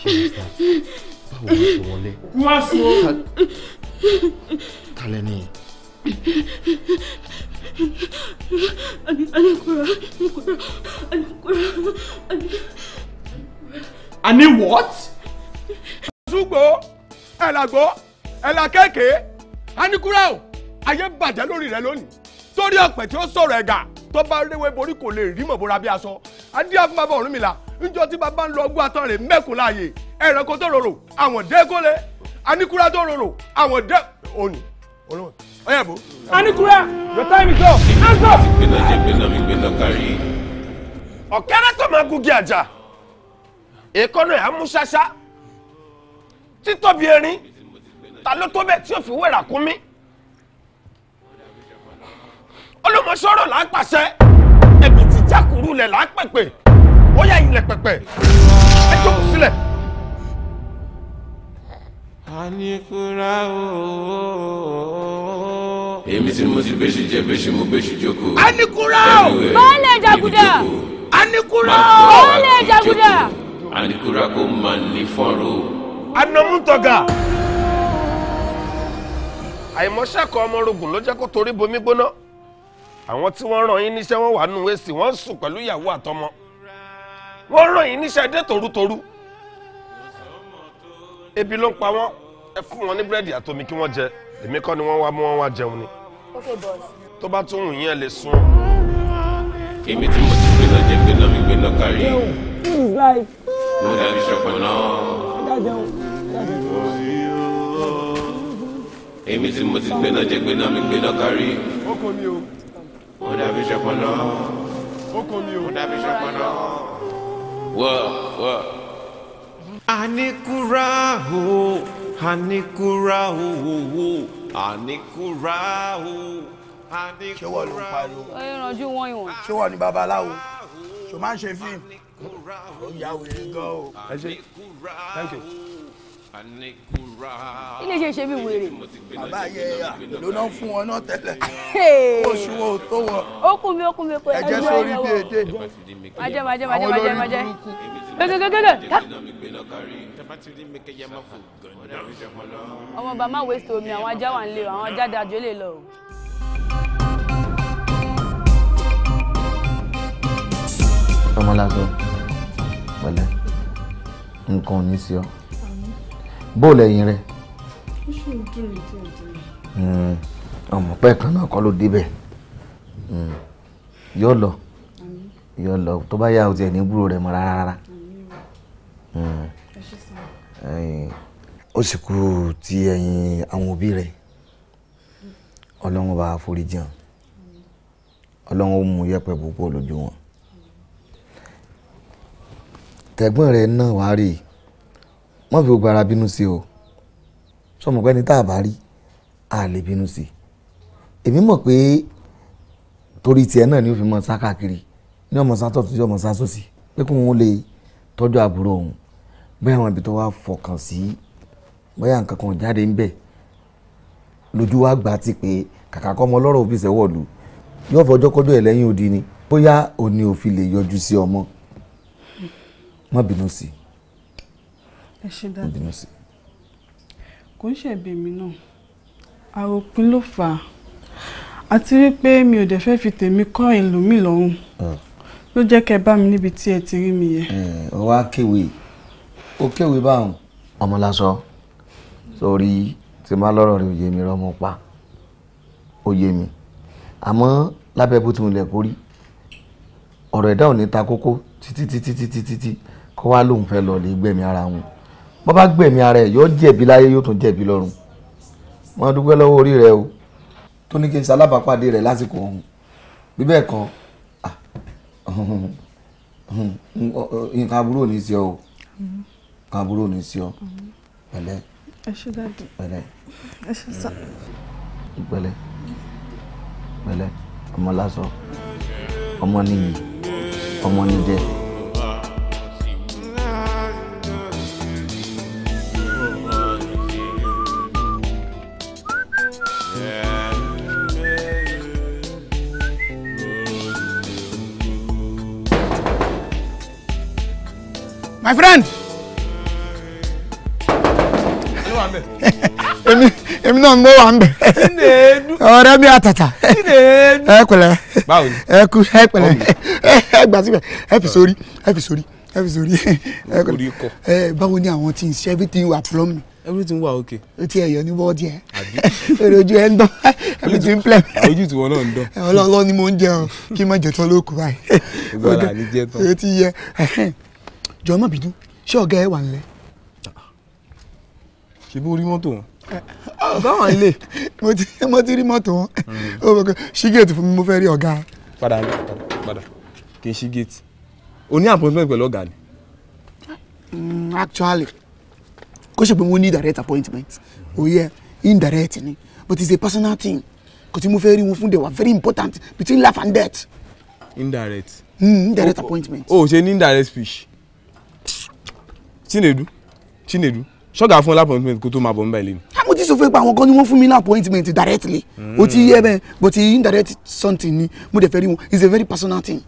ṣe é sá báwo ló ṣe wọlé. wá sí o. ta lẹ́ni ani what. ṣùgbọ́n ẹ̀ làgbọ́ ẹ̀ là kéèké anikura o ayé bàjẹ́ lórí rẹ lónìí torí ọ̀pẹ̀ tí ó sọ̀rọ̀ ẹ̀gà tó bá réwé borí kò lè rí mọ̀bóra bí aṣọ adé afúnbábọ̀ Ọ̀rúnmìlà níjọ́ tí bàbá ń lọ ọgbọ́n atán rẹ̀ mẹ́kùn láàyè ẹ̀rọ kò tó rorò àwọn dé kólé anikura tó rorò àwọn dé òní olóhùn ọyà bò. your time is up hands up. gbẹ̀nà jẹ gbẹ̀nà mi gbẹ̀nà kárí. ọ̀kẹ́rẹ́ tó máa gúngi àjà èkónà ẹ̀ amúṣáṣá títóbi erin ta ló tó bẹ́ẹ̀ tí ò fi wẹ̀rà kún mi olùmọ̀ṣọ́rọ̀ là ń pàṣẹ èbìtì jákùrú lẹ̀ là ń pèpè ó yà ilẹ̀ pẹ̀pẹ̀ ẹ jókòó sílẹ̀. Ani kura o. èmi tí mo ti bẹ́sù jẹ bẹ́sù mo bẹ́sù jókòó. a ní kúra o. bọ́ọ̀lẹ̀ jàgùdà. a Ani kura o. bọ́ọ̀lẹ̀ jàgùdà. a ní kúra kó máa ní fọ́nrọ́. anamutọga. àìmọ́ṣàkọ ọmọrogùn ló jẹ́ kó torí bomi gbóná àwọn tí wọ́n ràn yín níṣẹ́ wọ́n wà nù wẹ́sì wọ́n ń sùn pẹ̀lú ìyàwó àtọmọ wọ́n ràn yín níṣẹ́ dé torutoru ebi ló ń pa wọ́n ẹ fún wọn ní búrẹ́dì àtomi kí wọ́n jẹ èmi kọ́ ni wọ́n wá mú wọn wá jẹun ni. ok boss. tó bá tún wùn yín ẹ lè sún. èmi tí mo ti gbéná jẹ gbéná mi gbéná kárí. mo dàbí ṣọpọ náà. èmi tí mo ti gbéná jẹ gbéná mi gbéná kárí. mo dàbí ṣọpọ náà. mo dàbí ṣọpọ náà. wọ́ọ̀ wọ́ọ̀. Anikura o, Anikura o, Anikura o, Anikura o. Ṣé wọ́n ló ń pariwo? Ṣé ìrànjú ìwọ̀n? Ṣé wọ́n ní babaláwo? Ṣé o máa ń ṣe fíìmù? Ó yà wèrè gan o. Ẹ ṣe, thank you ilé ṣe ṣe bí wèrè. bàbá yẹ ya ló náà fún wọn náà tẹ́lẹ̀ oṣù wo ò tó wọn. ó kún mi ó kún mi kò ẹjọ́ ìwọ ẹjọ́ sórí déédé. májẹ májẹ májẹ májẹ májẹ gẹgẹgẹgẹ. ọmọ bàmá waste omi àwọn ajá wà ń lé o àwọn ajá dájú lè lọ o. tọmọlá sọ pẹ̀lẹ́ nǹkan ò ní sí ọ bóòlù ẹ̀yìn rẹ. Hmm, ọmọ pẹ́ kan náà kọ́ ló débẹ̀ hmm, yóò lọ yóò lọ tó bá yà ó tiẹ̀ ní gbúrò rẹ̀ mọ́ rárá. Hmm. ó sì kú ti ẹ̀yìn àwọn òbí rẹ̀ ọlọ́run bá foríjì hàn ọlọ́run ó mú yẹ̀pẹ̀ púpọ̀ lójú wọn tẹ̀gbọ́n rẹ̀ náà wá rí i má fi gbogbo ara bínú sí o sọmọ pé ní tá a bá rí a lè bínú sí èmi mọ̀ pé torí tiẹ̀ náà ni ó fi mọ sá káàkiri ní ọmọ sá tọ̀tún sí ọmọ sá sósì pé kóun lè tọ́jú àbúrò òun bẹ́ẹ̀ àwọn ibi tó wá fọkàn sí bóyá nǹkan kan jáde ń bẹ̀ lójú wa gbà tí pé kàkà kọ́ ọmọ ọlọ́rọ̀ òbí sẹ́wọ̀lù yóò fọjọ́ kọ́jọ́ ẹ̀ lẹ́yìn odi ni bóyá òní òfin lè yọjú sí ọmọ má bínú sí i ẹ ṣe dáadáa kò ń ṣẹ̀bi mi náà àròpin ló fà á àti wípé mi ò dẹ̀ fẹ́ fi tèmi kọ́ ẹlòmíì lọ́rùn ló jẹ́ kẹ́ bá mi níbi tí ẹ ti rí mi yẹn. ọ wá kéwé ó kéwé báwọn. ọmọ lásọ sórí tí má lọ́rọ̀ rẹ̀ òye mi rọ́mọ pa òye mi àmọ́ lábẹ́ bó ti mú ilẹ̀ kórí ọ̀rọ̀ ẹ̀dá ò ní ta kókó títí títí títí kó wá lóun fẹ́ lọ lè gbẹ̀mí ara wọn bó bá gbẹ̀mí ara ẹ̀ yóò jẹ̀bi láyé yóò tún jẹ̀bi lọ́run mo dúpẹ́ lọ́wọ́ orí rẹ o tó ní kí n ṣalábàápàdé rẹ lásìkò ọ̀hún bí bẹ́ẹ̀ kọ́ nǹkan aburú ò ní sí ọ o nǹkan aburú ò ní sí ọ pẹ̀lẹ́ pẹ̀lẹ́ pẹ̀lẹ́ pẹ̀lẹ́ ọmọ lásán ọmọ nìyí ọmọ nìjẹ. my friend. èmi èmi náà mo wà ń bẹ. mi àtàtà. ẹ pẹ̀lẹ́ ẹ kú ẹ pẹ̀lẹ́ ẹ gbà síbẹ̀ ẹ fi sórí ẹ fi sórí ẹ fi sórí ẹ kọ ẹ báwo ni àwọn tí ń ṣe everything wà plumb. everything wà okay. o ti ẹyọ ní bọ́ọ̀dì ẹ èrè ojú ẹ ń dán everything plẹ̀. ojú tiwọn náà ń dán. ọlọ́ọ̀lọ́ ni mo ń jẹun kí n má jẹ tán lóko báyìí. ìgbàlá ni jẹ tán. o ti yẹ jọ̀ọ́ má bínú ṣé ọ̀gá ẹ wà nílẹ̀. ṣe bó rí mọ́tò wọn. báwọn eh, ilé. mo ti rí mọ́tò wọn hmm. ṣí géètì fún mi mo fẹ́ rí ọ̀gá. padà padà kì í ṣí o ní appointment pẹ̀lú ọ̀gá ni. Hmm, actually kó ṣe pé mo ní direct appointment òye indirect ni but it's a personal thing kò tí mo fẹ́ rí wọn fún they were very important between life and death. indirect. Mm, indirect appointment. o oh, ṣe ní indirect speech. Chinedu Chinedu ṣọ́gà fún ọ lápọ̀ntmẹ́ntì kó tó máa bọ̀ ń báyìí lẹ́nu. mo ti sọ fún ẹ pé àwọn kan ni wọ́n fún mi ní appointment directly o ti yẹ bẹ́ẹ̀ but indirect something ni mo dẹ̀ fẹ́ rí wọn it's a very personal thing.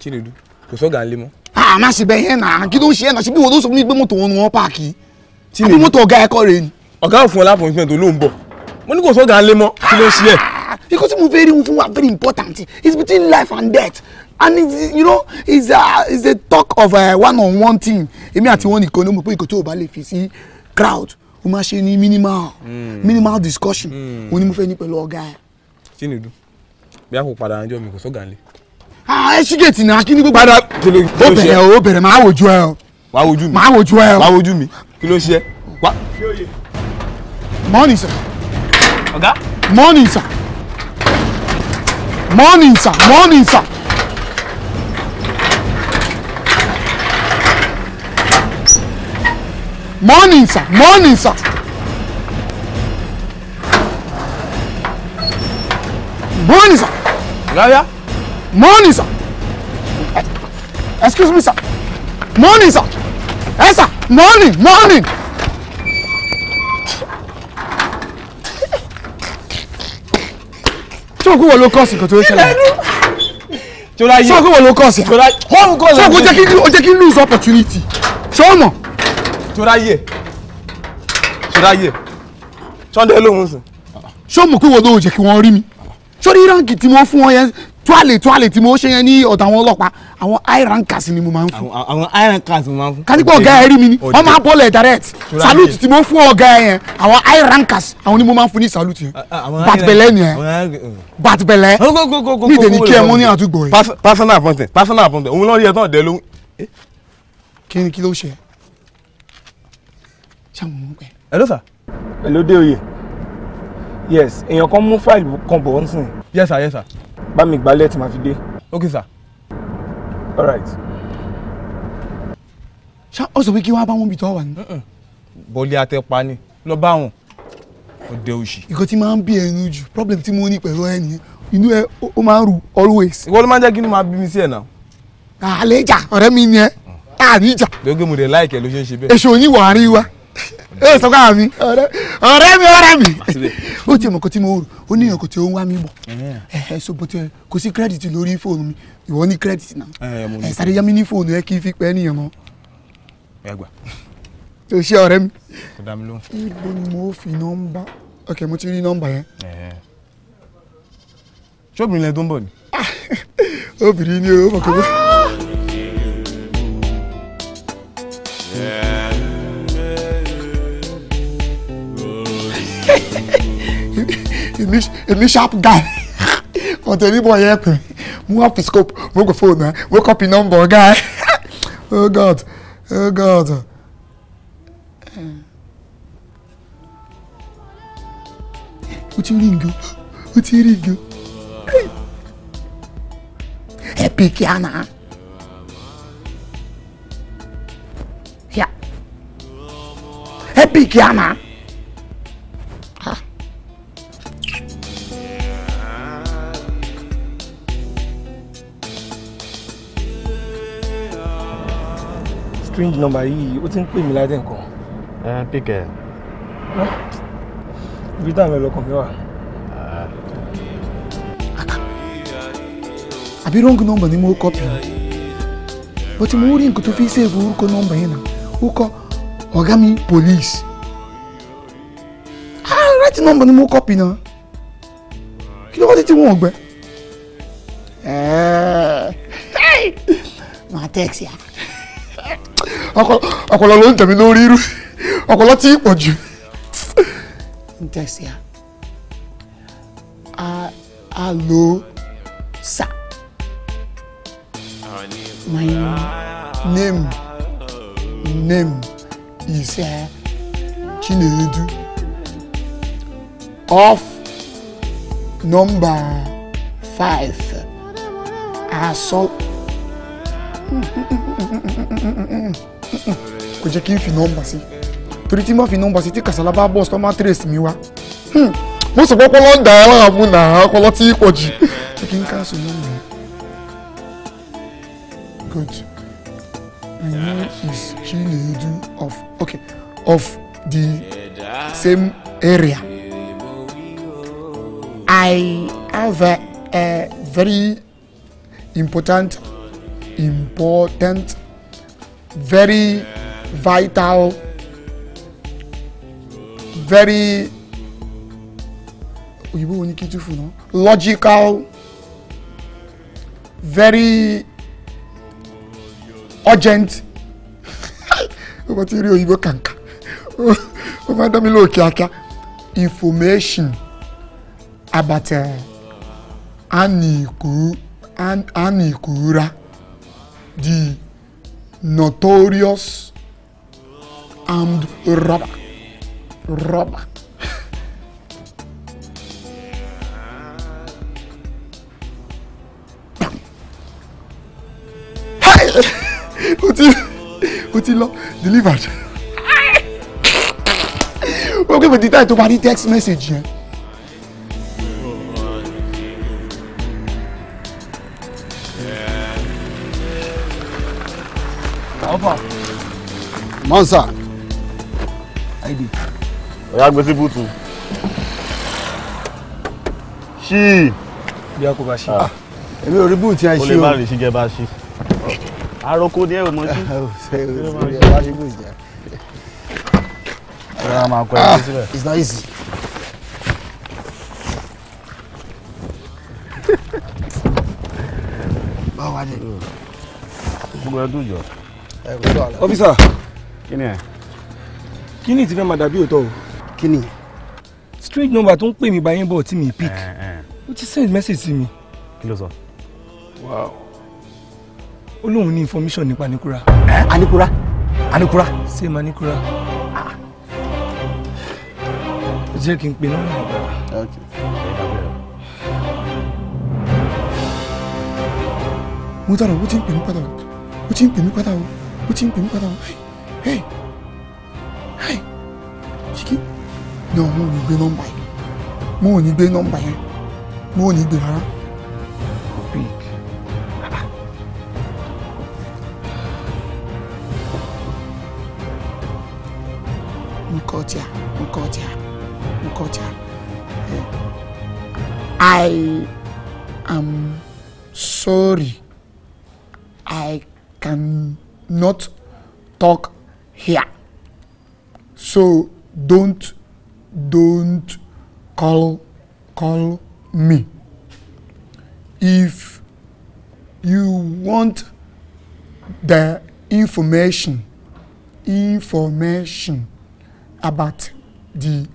Chinedu kò sọ́gà ń lé mọ́. a má ṣe bẹ́ẹ̀ yẹn náà kí ló ń ṣe yẹn náà ṣe bí wọn ló sọ fún mi pé mọ́tò wọn ni wọ́n páàkì àbí mọ́tò ọ̀gá ẹ̀kọ́ rẹ ni. ọ̀gá ò fún ọ lápọ̀ntmẹ́ntì olóhùn bọ̀ mo ní kò sọ́gà ń lé mọ́ kí ló ń ṣe yẹn. ikú tí mo very important it's between life and death and it's, you know it's a it's a talk of a uh, one on one thing èmi àti wọn nìkan ló mọ̀ pé nǹkan tó o bá lè fi sí crowd o máa ṣe ní minimal hmm. minimal discussion o hmm. ní mo fẹ́ ní pẹ̀lú ọ̀gá ẹ̀. kí ni dùn bí a kò padà ránjọ́ mi kò sọ́gà lé. ẹ ṣí gèètì náà kí ni kò padà. ó bẹ̀rẹ̀ ó bẹ̀rẹ̀ máa wojú ẹ o. wàá wojú mi máa wojú ẹ o. wàá wojú mi kí ṣe wá. morning sir. ọ̀gá. morning sir. morning sir. morning sir. morning sir morning sir. morning sir. lọ́yà. morning sir. excuse me sir. morning sir. ẹ sà morning morning. tí o kú wọ ló kọ́ sí kò tó ń ṣẹlẹ̀ tí o kú wọ ló kọ́ sí. tí o kú jẹ́ kí lose opportunity ṣé o ṣọ́ráyè ṣọ́ráyè ṣọ́ndé lóhùn sùn. ṣó mú kí wo ló jẹ́ kí wọ́n rí mi sórí ránkì tí mo fún wọn yẹn tuale tuale tí mo ṣe yẹn ní ọ̀dọ̀ àwọn ọlọ́pàá àwọn high rankers ni mo máa ń fún. àwọn high rankers mo máa ń fún. kátìpọ̀ ọ̀gá ẹ̀ rí mi ni wọ́n máa ń bọ́ọ̀lù direct salute tí mo fún ọ̀gá ẹ̀ yẹn àwọn high rankers àwọn ni mo máa ń fún ní salute yẹn batibẹ̀lẹ̀ ni yẹn batibẹ̀lẹ̀ mi dẹ̀ ní kí ẹ mú ní àdúgbò yẹn. personal appointment personal appointment òun ló rí ẹ tán dẹ lóhun. kí ni kí ló ṣe ṣáwọn mọ̀ pẹ́. hello sir. hello dé oyè yes èèyàn kan mú fáìlì kan bọ̀ ọ́ nsìn. yes sir yes sir. bá mi gbálẹ̀ tí màá fi dé. ok sir. all right. ṣá ọ sọ pé kí wàá bá wọn bì tọ́ wà ní. bọ́lí àtẹ̀pá ni lọ bá wọn ó dé òṣì. ìkan tí máa ń bí ẹnu jù problem tí mo ní pẹ̀lú ẹ nìyẹn inú ẹ ó máa ń rù always. ìwọ ló máa ń jẹ́ kí ni màá bí mi sí ẹ̀ náà. àlejò ọ̀rẹ́ mi ni ẹ mm. àníjà. lóògùn mo dé láìkẹ́ ló ṣe ń ṣe bẹ́ẹ̀. èso yín wàá rí wa ẹ sọ káà mi ọ̀rẹ́ mi ọ̀rẹ́ mi ó ti mọ̀ kó tí mo rò ó ní ìyànkó tí ó ń wá mi bọ̀ ẹ so bó ti ẹ kò sí kírẹ́dìtì lórí fóònù mi ìwọ ní kírẹ́dìtì náà ẹ sáré yá mi ní fóònù ẹ kí n fi pẹ́ nìyẹn mọ́. ẹ gbà. o ṣe ọ̀rẹ́ mi. kò dá mi lóhùn. ibo ni mo fi nọ́mbà ok mo ti rí nọ́mbà yẹn. ṣé obìnrin lẹ tó ń bọ̀ ni. Ah, obìnrin ni o mọ̀ kó ah! bọ́. èmi sharp guy ọ̀tẹ̀ níbọ̀ yẹn pẹ̀ mú up the scope mo kò phone. ẹ mo copy number guy oh god oh god. ó ti rí nǹkan ó ti rí nǹkan ẹ̀pì kíá Yeah. Epic, yeah, man. strange number yìí ó ti ń pè mí láti nǹkan. ẹ ẹ píkẹ. ibi táwọn ẹlọkàn mi wà. àbí wrong number ni mo kọ́pì bó ti mo rí nǹkan tó fi ṣèwé orúkọ nọ́mbà yẹn náà ó kọ ọ̀gá mi police ah right number ni mo kọ́pì náà kí ló wá títí wọn ọgbẹ. máa tẹ́ẹ̀sì àná ọpọlọ ló ń tẹ̀mí lórí irú ọpọlọ tí pọ̀ jù. ntẹ̀síà a lo sa my name name is eh, Chinedu of number five asol. Uh, kò jẹ́ kí n fi nọ́mbà sí torí tí mo fi nọ́mbà sí tí kàsálà bá bọ̀ sọ́mà tírèsì mi wá hmm. mo sọ pọ́pọ́ lọ́ dà á láàmú nà á ọpọlọ tí pọ̀ jù jẹ́ kí n káàsù nọ́mbà good my name is Chinedu of okay of the same area I have a, a very important important, very vital, very òyìnbó wo ni kí n tún logical very urgent ọmọ tí rí òyìnbó kàǹkà ó máa ń dán mi lóò kíákíá information about uh, àní ìkúra the notorious armed robber. Robber. o ti o ti lọ delivered. o kò kò di táyì tó text message yẹn. mọ́nsà id. ọ̀yá gbé sí búùtù. ṣí. bí a kò bá ṣí. Ah. èmi ò rí búùtù yẹn ṣí o. o lè má rí ṣí jẹ bá ṣí. àròkọ ni ẹ ò mọ sí. ṣe wá ṣe búùtù yẹn. ọ̀rẹ́ a máa kọ ah, ẹ̀ sílẹ̀. it's not easy. báwa dé. gbogbo ẹ dùn jọ. ẹ kí ni ẹ. kí ni ti fẹ́ máa dàbí òótọ́ o. kí street number tó ń pè mí báyẹn bọ̀ tí mi pick eh, eh. ó ti send message sí mi. kí ló sọ. wow. ó lóun ní information nípa Anikura. Eh, Anikura Anikura. same Anikura. Ah. jẹ́ kí n pe nọ́mbà ìgbà. mo dára ó ti ń pè mí padà ó ti ń pè mí padà ó ti ń pè mí padà ó. Hey! Hey! Chiki, no ọmọ mi gbé nọ́mbà yẹn. Mo ò ní gbé yẹn. Mo ò ní gbé rárá. Big. Nkotia, I So don't, don't call, call me. If you want the information, information about the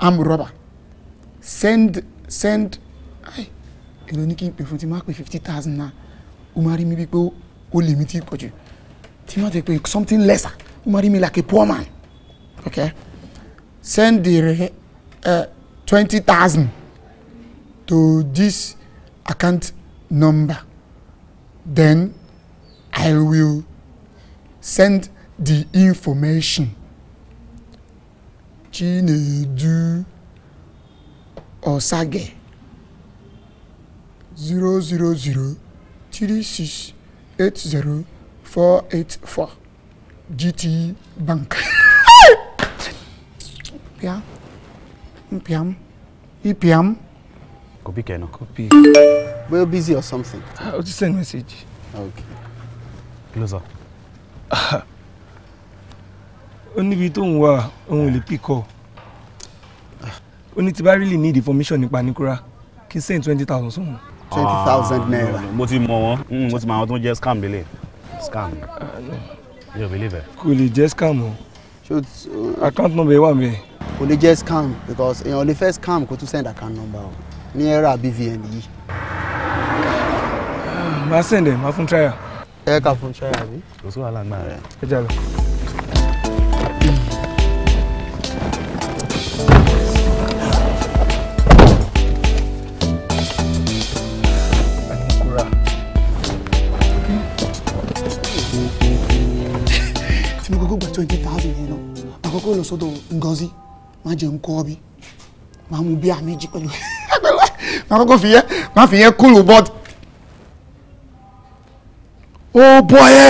arm robber, send, send, ay, èlò ní kí n pè fún ti máa pè fifty thousand naira ó máa rí mi bí pé ó lè mi ti pọ̀jù tí máa ti pè something lesser ó máa rí mi like a poor man okay send the uh, thousand to this account number then I will send the information Chinedu Osage zero zero zero zero eight eight four four GT Bank Mpia. Mpia. Ipiam. Copy Keno. Copy. We're busy or something. I'll just send message. Okay. Closer. Only níbi tó ń Only òun ò lè pick up. Ó ní tí really need information nípa Nikura. Can send twenty thousand sóhun. Twenty thousand ah, naira. Mo ti mọ̀ wọ́n, mm, mo ti mọ̀ àwọn tó ń scam délé. Scam. You ah, believe it? Cool. Just scam Should Account number wà me kò lè jẹ́ scam because èèyàn lè fẹ́ scam kó tún send account number o ní era BVN yìí. màá send ẹ̀ máa fún trial. ẹ kà fún trial àbí. kò sí wàhálà gbà rẹ. ẹ jà lọ. tí mo kọ́kọ́ gba twenty thousand yẹn lọ àkọ́kọ́ lọ sọ́dọ̀ Ngozi má jẹ́ ń kọ́ bí má mú bí àméjì pẹ̀lú má fi yẹn má fi yẹn kúlù bọ́ọ̀dù. ó bọ́ yẹ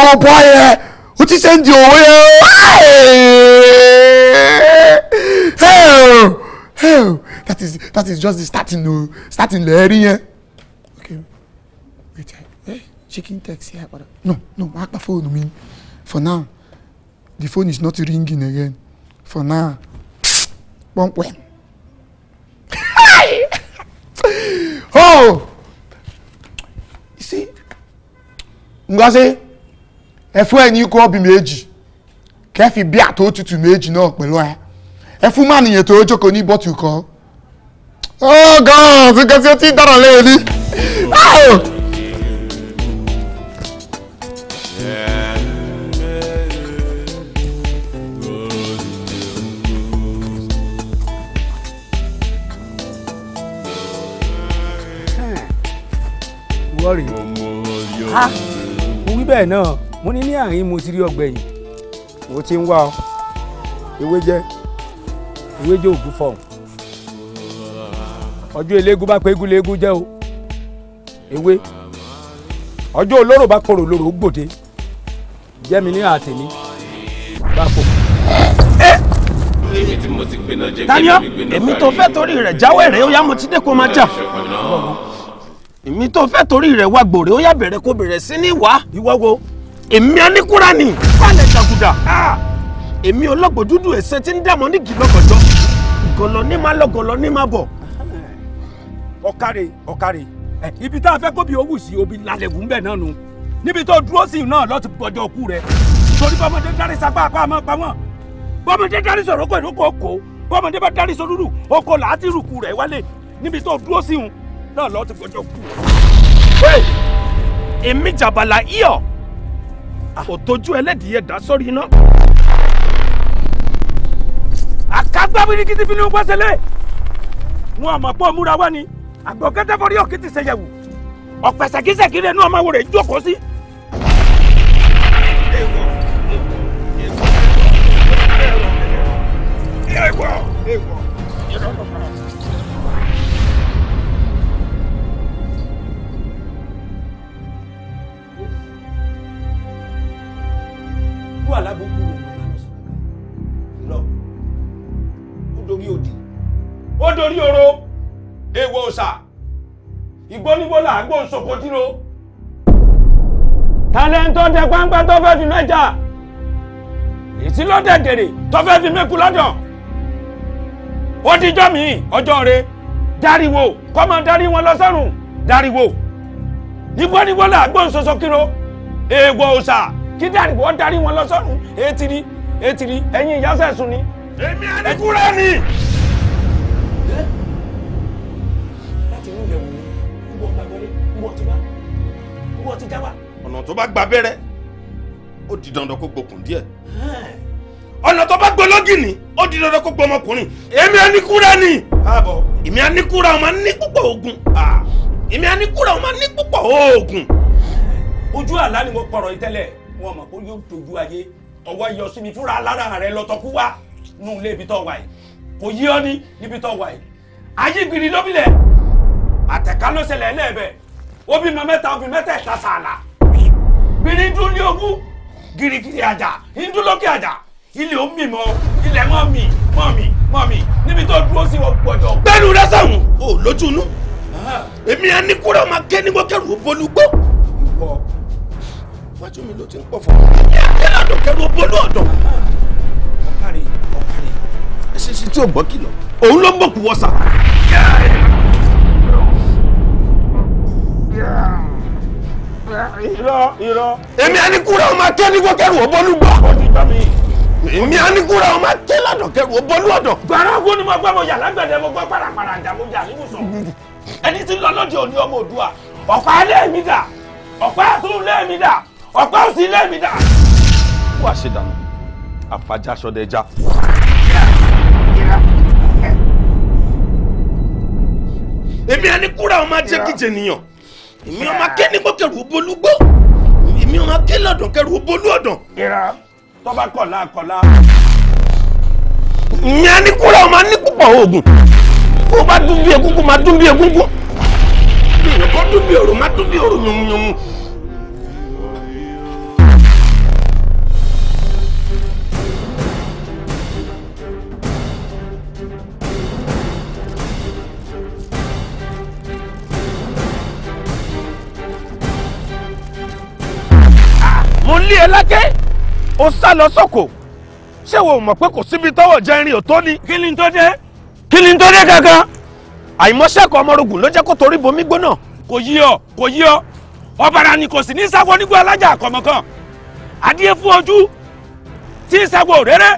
ó bọ́ yẹ ó ti ṣe ń di òwe yẹ that is that is just the starting o starting lẹ́ẹ̀rí yẹn. okay wait eh chicken text here padà no no wàá pa fóònù mi for now the phone is not ringing again for now pọ́npẹ́. oh see if ngọzi ẹ fún ẹni ikú ọbì méjì kẹfì bí àtọ òtútù méjì If pẹ̀lú ẹ ẹ fún mànìyàn tó jókòó ní you kan. oh god you tí ó ti dára lẹ́yìn ní. kọ́ rèé ha mo wí bẹ́ẹ̀ náà mo ní ní àárín mo ti rí ọgbẹ́ yìí mo ti ń wá ọ ewé jẹ́ ewé jẹ́ ògùn fọ̀hún ọjọ́ eléégún bá pé égún léégún jẹ́ o ewé ọjọ́ olóró bá korò lóró gbòde jẹ́mi ní àtẹ̀mí bá pò. tani èmi tó fẹ́ torí rẹ̀ jáwé rẹ̀ ó yá mo ti dé kó máa jà èmi tó fẹ́ torí rẹ̀ wá gbòòrè ó yá bẹ̀rẹ̀ kó bẹ̀rẹ̀ sí ní wá ìwọ́wọ́ èmi aníkúra ni balẹ̀ jàgùdà ah! èmi ọlọ́gbọ̀ dúdú ẹ̀sẹ̀ tí ń dààmú ní gìlọ́gọ̀jọ́ gọ̀lọ́ ní má lọ́gọ̀lọ́ ní má bọ̀. ọ̀kàrẹ̀ ọ̀kàrẹ̀ eh, ibi tá a fẹ́ kóbi owó sí obi lálẹ́gùn bẹ́ẹ̀ náà nu níbi tó dúró sí náà lọ́ti gbọ́jọ́ òkú rẹ̀ torí bọ́mọdé dárí sapá apá àmọ́ pamọ́ bọ́mọdé dárí sọ̀rọ̀ kó ìlú kó kó bọ́mọdé bá dárí sọ̀rọ̀ oko làá ti rùkù rẹ̀ wálé níbi tó dúró sí un náà lọ́ọ́ ti gbọ́dọ̀ kú. èmi jàbàlà iyọ̀ òtójú ẹlẹ́dìí ẹ̀dá sórí iná. àkágbá birikiti fi ni wọ́n gbọ́sẹ̀lẹ̀ wọn àmọ̀ pọ̀ múra wá ni àgbọ̀ kẹ́tẹ́fọ́rí ọ̀kìtì ṣẹ̀yẹ̀wò ọ̀pẹ̀sẹ̀kísẹ̀kí rẹ̀ ní ọmọ wo rẹ̀ jókòó sí. ewọ ewọ ewọ ewọ ewọ ewọ ewọ ewọ. àgbò sòkòtìrò. tálẹ́ńtọ́ tẹ páńpẹ́ tó fẹ́ fi mẹ́jà èsì lọ́dẹ̀ gèrè tó fẹ́ fi mẹ́kù lọ́dọ̀ ó dijọ́ mi ọjọ́ rẹ Dariwo. kọ́mọ dárí wọn lọ sọ́run dáríwo nígbónígbó là gbóǹsoso kíro èèwọ̀ òòsà kí dáríwo dárí wọn lọ sọ́run ètìrí ètìrí ẹ̀yin ìyá sẹ̀sùn ni. èmi àdìgúrẹ́ ni. ti já wa. ọ̀nà tó bá gba abẹ́rẹ́ ó di dandan kó gbokùn díẹ̀ ọ̀nà tó bá gbọlọ́gì ni ó di dandan kó gbọmọkùnrin èmi anikura ni èmi anikura ọmọ ní púpọ̀ oògùn èmi anikura ọmọ ní púpọ̀ oògùn. ojú àlá ni mo pọ̀rọ̀ yìí tẹ́lẹ̀ wọn mọ̀ kó yóò dojú ayé ọwọ́ yọ sí mi fúnra lára rẹ lọ́tọ́kú wá nù lé ibi tó wà yìí kò yí ọ ní níbi tó wà yìí ayé gbìrì lóbìlẹ̀ àtẹ̀ká ló ó bímọ mẹ́ta ó bí mẹ́tẹ̀ẹ̀ta sàlà bìrì dún ní ogún girigiri àjà ìdúlókè àjà ilé ó mì mọ ilẹ̀ mọ́ mi mọ́ mi mọ́ mi níbi tó dúró sí wọn gbọ́dọ̀. bẹ́ẹ̀ni rẹ sẹ́wọ̀n o lójúnú èmi á ní kúrò máa ké ní kẹrù bolúgbó. ìwọ wájú mi ló ti ń pọ̀ fún mi. yàrá lọ́dọ̀ kẹrù bolú ọ̀dọ̀. ọ̀kàrẹ̀ ọ̀kàrẹ̀. ẹ ṣe ṣe tí o gbọ́ kìlọ̀ òun ló ń bọ̀ kú wọ́sà irọ́ irọ́. èmi àníkúra ọmọ akẹ́ ní kókẹ́rù ọ̀bọ́lú gbọ́. ó ti gbà mí. èmi àníkúra ọmọ akẹ́ lọ́dọ̀ kẹrù ọ̀bọ́lú ọ̀dọ̀. gbàrà wo ni mo gbọ́ mo yà lágbẹ̀dẹ mo gbọ́ parapara àjàmójà níbùsùn. ẹni tí ń lọ lọ́dẹ òní ọmọ òdua ọ̀pá lẹ́ẹ̀mí dà ọ̀pá tún lẹ́ẹ̀mí dà ọ̀pá òsì lẹ́ẹ̀mí dà. wàá ṣe dànù àfàjà sọdẹjà. èmi àníkúra ọmọ ajẹ́kíjẹ nìyàn èmi ọmọ akẹ́nigbọ́ kẹrù obolúgbó èmi ọmọ akẹ́lọ́dún kẹrù obolú ọ̀dàn. ìran tọ́ba kọ̀lá kọ̀lá. ìyẹn anikúra ọmọ anikúpọ̀ oògùn kó o bá dún bí egúngún máa dún bí egúngún bí èèyàn kó dún bí òrò máa dún bí òrò yùmùyùmù. mo lé ẹ lákẹ́ o sá lọ sọ́kò ṣé wo mọ̀ pé kò síbi tọ́wọ̀ jẹ́ irin ò tó ni. kí ni tó dé kí ni tó dé kankan. àìmọ́ṣẹ́kọ̀ ọmọrogùn ló jẹ́ kó torí bomi gbóná. kò yí ọ kò yí ọ ọ̀bàrà ni kò sì ní sáwọ́ nígbà alájà kọ̀mọ̀kan adìẹ fún ojú tí ń sáwọ́ òréré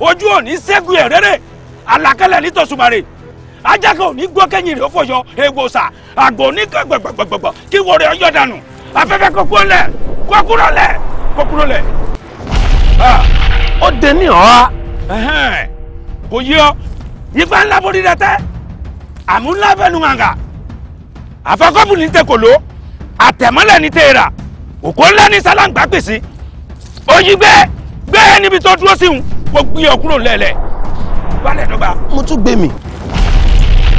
ojú ò ní ṣẹ́gun ẹ̀rẹ́rẹ́ àlàkalẹ̀ nítòsùmarè ajáka ò ní gbọ́ kẹ́yìn rẹ̀ ó fọyọ egbòsà àgbò oníkan gbẹ̀gbẹ̀gbẹ̀gbẹ̀ kí wọ́n rẹ̀ ọyọ́ dànù afẹ́fẹ́ kọ́kọ́ lẹ̀ kó kúrò lẹ̀ kó kúrò lẹ̀. ó dé ní ọ̀há. kò yí a ifá ńlá borí rẹ tẹ àmúlá fẹnu gàngà àfọkọ́bù ní tẹkọ̀ló àtẹ̀mọ́lẹ̀ ní tẹ̀ra òkò ńlá ní sálàǹgbá o oyin gbẹ gbẹ níbi tó dúró sí un kó gbé ọ kúrò lẹ̀lẹ̀ balẹ̀ dọ́gba. mo tún gbé mi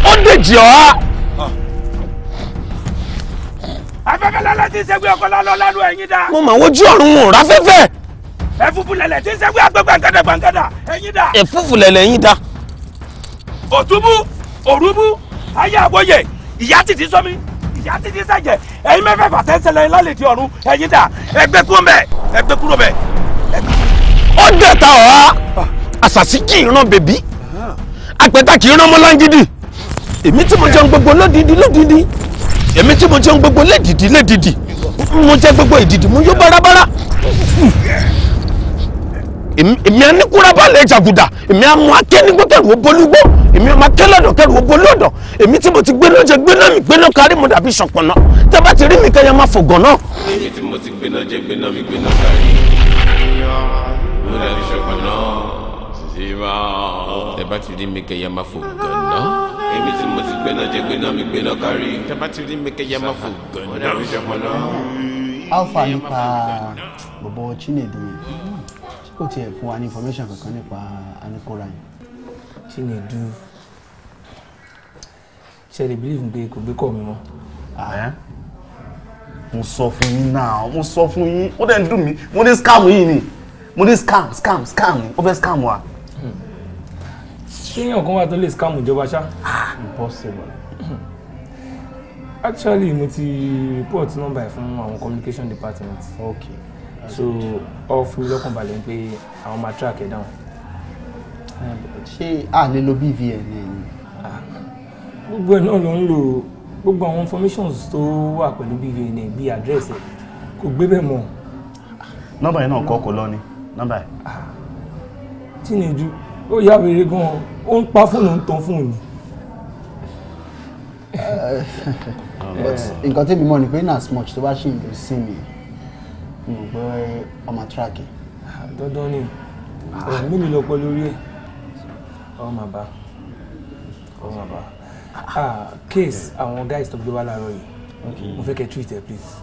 ó dèjì ọ̀há afẹ́fẹ́ lẹ́lẹ́ tí ń ṣẹ́gbẹ́ ọkọ lálọ́ lálọ́ ẹ̀yin dá. mo mà wojú ọ̀run wọn ráfẹ́fẹ́. ẹ̀fúfú lẹ̀lẹ̀ tí ń ṣẹ́gbẹ́ àgbẹ̀ gbàǹgàdà gbàǹgàdà ẹ̀yin dá. ẹ̀fúfú lẹ̀lẹ̀ ẹ̀yin dá. òtúbú òrúbú ayé àwòye ìyá títí sọmi ìyá títí sẹ̀jẹ̀ ẹ̀yin mẹ́fẹ̀ẹ̀fà tẹ́ ṣẹlẹ̀ lálẹ́ ti ọ̀run ẹ̀yin dá ẹgbẹ́ kúrò bẹ́ẹ̀ ẹgbẹ́ kúrò bẹ́ẹ̀. ta ọ̀rá ah. àṣàṣì kì í ràn bèbí ah. àpẹta kì í ràn mọ́láńgídì èmi tí mo jẹun gbogbo lódìdí èmi tí mo jẹun gbogbo lédìdí lédìdí mo jẹ gbogbo ìdìdí mo yó bárabára èmi anikura balẹ̀ jàgùdà èmi amú akẹ́nigbó kẹrù ó bolúgbó èmi ọmọ akẹ́lọ́dọ̀ kẹrù ó bolódọ̀ èmi tí mo ti gbéná jẹ gbéná mi gbéná kárí mo dàbí ṣọ̀pọ̀nà tẹ́ bá ti rí mi kẹ́yẹ máa fògàn náà. èmi tí mo ti gbéná jẹ gbéná mi gbéná kárí mo dàbí ṣọ̀pọ̀nà ẹ bá ti rí mi kẹyà máa fò gànà. èmi tí mo ti gbéná jẹ gbéná mi gbéná kárí. ẹ ti rí mi kẹyà máa fò gànà. alfa nípa bọ̀bọ̀ Chinedu yìí ṣé kò tiẹ̀ fún wa ní information kankan nípa anikora yìí. Chinedu ṣe lè believe pé kò gbé kọ́ mi mọ́. mo sọ fún yín náà mo sọ fún yín ó dẹ̀ ń dùn mí mo ní scam yìí ni mo ní scam scam scam ó fẹ́ scam wa ṣéyàn kan wà tó lè scam ìjọba ṣá. Ah. impossible. actually mo ti report number ẹ fún àwọn communication department. okay. so ọ fún mi lọ́kàn balẹ̀ pé àwọn máa track ẹ̀ down. ṣé a lè lo BVN ni. Ah. gbogbo ẹ̀ náà ló ń lò gbogbo àwọn informations tó wà pẹ̀lú BVN bíi address ẹ̀ kò gbé bẹ́ẹ̀ mọ́. nọ́mbà yẹn náà kọ́ kò lọ ni nọ́mbà yẹn. tí ni ju ó yá wèrè gan-an ó ń pa fóònù ń tan fóònù. nǹkan tẹ́bi mọ̀ ni pé náà smudge tó bá ṣì ń lò sí mi mo gbé ọmọ tíráàkì. dandan ni èmi mi lọ pẹ́ lórí ẹ̀ ọmọ àbá ọmọ àbá ah, case àwọn guys tó gbé wá láàárọ̀ yìí mo fẹ́ kẹ́ treat ẹ please.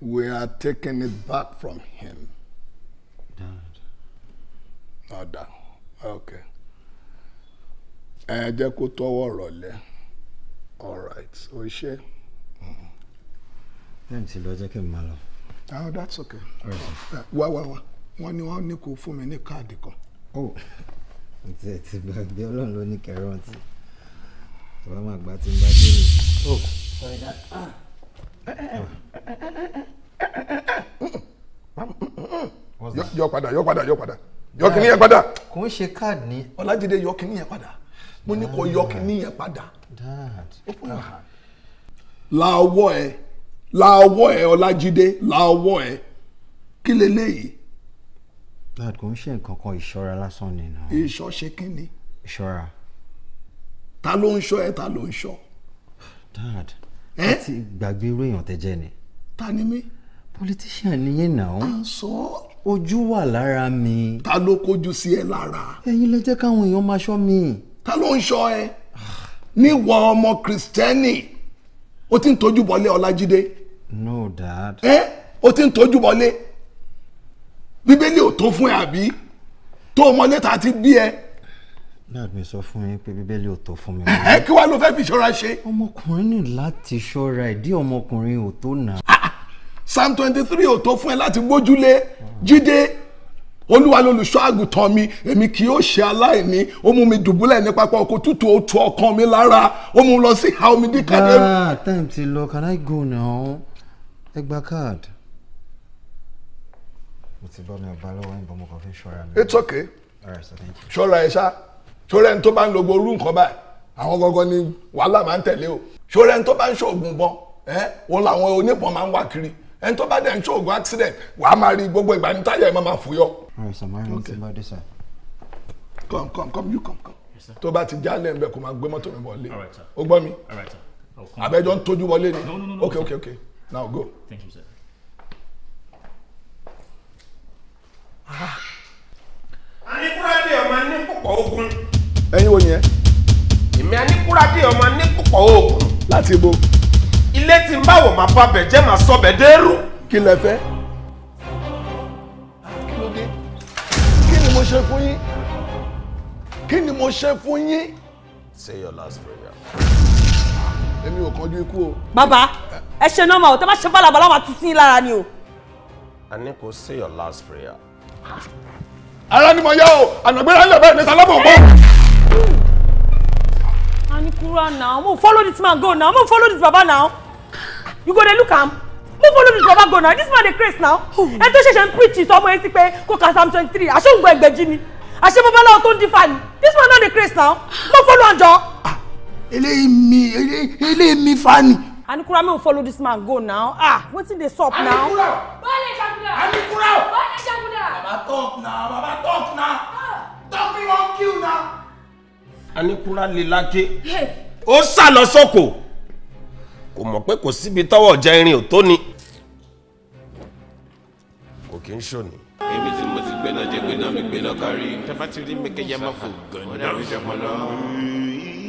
we are taking it back from him. Dad. Not ah, that. Okay. Ẹ jẹ́ kó tọwọ́ All right. O ṣe. Bẹ́ẹ̀ni ti lọ jẹ́ kí Oh, that's okay. Eh, wá wá wá. Wọ́n ní wọ́n ní kó me mi ní káàdì Oh, ǹtí ẹ̀ ti gbàgbé ọlọ́run ló ní kẹrántì. Tí wọ́n máa Oh, sorry that. Ah yọ padà yọ padà yọ padà yọ kìnìún padà. kò ń ṣe káàdì ni. ọlájídé yọ kìnìún yẹn padà mo ní kó yọ kìnìún padà. la ọwọ́ ẹ la ọwọ́ ẹ ọlájídé la ọwọ́ ẹ kí leléyìí. dad kò ń ṣe nǹkan kan ìṣọ́ra lásán ni. ìṣọ́ ṣe kí ni. ìṣọ́ra. ta ló ń ṣọ́ ẹ ta ló ń ṣọ́. dad ẹ ti gbàgbé irú èèyàn tẹ́jẹ́ ni. ta ni mí. politician ni yín náà. à ń sọ. ojú wà lára mi. ta ló kọjú sí ẹ lára. ẹ̀yin lè jẹ́ káwọn èèyàn máa ṣọ́ mi. ta ló ń ṣọ́ ẹ níwọ ọmọ kristẹni o ti ń tọ́jú bọlé ọlájídé. no dad. ẹ o ti ń tọ́jú bọlé bíbélì ò tó fún ẹ àbí tó o mọ lẹ́tà ti bí ẹ dad mi sọ fún mi pé bíbélì ò tó fún mi. kí wàá ló fẹ́ fi ṣọ́ra ṣe. ọmọkùnrin ní láti ṣọ́ra ìdí ọmọkùnrin ò tó nà. Ah, ah. psalm twenty three ò tó fún ẹ láti gbójúlé jíde olúwa lolùṣọ́ àgùntàn mi èmi kì yóò ṣe aláìní ó mú mi dùbúlẹ̀ ní pápá oko tútù ó ọkàn mi lára ó mú lọ sí ìhà omi díkàdé. ah time ti lọ can i go now ẹ gba card. mo ti bọ́ mi ọba lọ́wọ́ ìbọn mo fi ṣọ́ra mi. it's okay ṣọ́ra ẹ ṣá ṣọ́rẹ́ ní tó bá ń lo gbogbo orú nǹkan báyìí àwọn gangan ni wàhálà máa ń tẹ̀lé o ṣọ́rẹ́ ní tó bá ń ṣoògùn bọ́n ẹ́ wọn làwọn oníbọn máa ń wà kiri ẹ̀ ní tó bá dẹ̀ ń ṣoògùn accident wàá máa rí gbogbo ìgbà ní táyà ẹ̀ máa máa fòyọ. come come come you come come tó bá ti jálẹ̀ ń bẹ̀ kó máa gbé mọ́tò mi wọlé o gbọ́ mi àbẹ́jọ́ ń tójú wọlé ni okay okay okay now go. Thank you, sir. Ah. a ní kúrẹ́dì ọmọ ní púpọ̀ ogun. ẹ̀yin wo yẹn. èmi aníkúradì ọmọ aníkúpọ̀ oògùn. láti bo. ilé tí ń bá máa bá bẹ̀ jẹ́ máa sọ bẹ̀ dẹ́rù. kí lẹ fẹ́. kí ló dé kí ni mo ṣe fún yín kí ni mo ṣe fún yín. say your last prayer. Emi ò ikú o. bàbá ẹ ṣe o tẹ́ bá ṣe bálabàlà máa yín lára o. Aniko, say your last prayer. Ara ni o, ń ní Anikura now, mo follow this man go now, mo follow this baba now. You go there, look am. Mo follow this baba go now. This man dey crazy now. and oh. tó ṣẹ̀ṣẹ̀ ń preach to ọmọ etí pé kò ka Psalm twenty three. Àṣé òǹgbẹ ẹgbẹ̀jì ni? Àṣé babaláwo tó ń dín fani? This man no dey crazy now. Mo follow am jọ. Ah, eléyìí mi eléyìí mi fani. Anikura mi ò follow this man go now. Ah, in the shop now? Anikura! Bọ́lẹ̀ Jaguda! Anikura! Bọ́lẹ̀ Jaguda! Baba talk now. Baba talk now. Ah. Talk me one kill now anikura lè láké ó sá lọ sóko kò mọ̀ pé kò síbi tọ́wọ́ jẹ irin ò tó ni kò kí ń ṣòní. èmi tí mo ti gbéná jẹ gbéná mi gbéná kárí tẹ́fà tí rí mi kẹ́yà máa fò gànà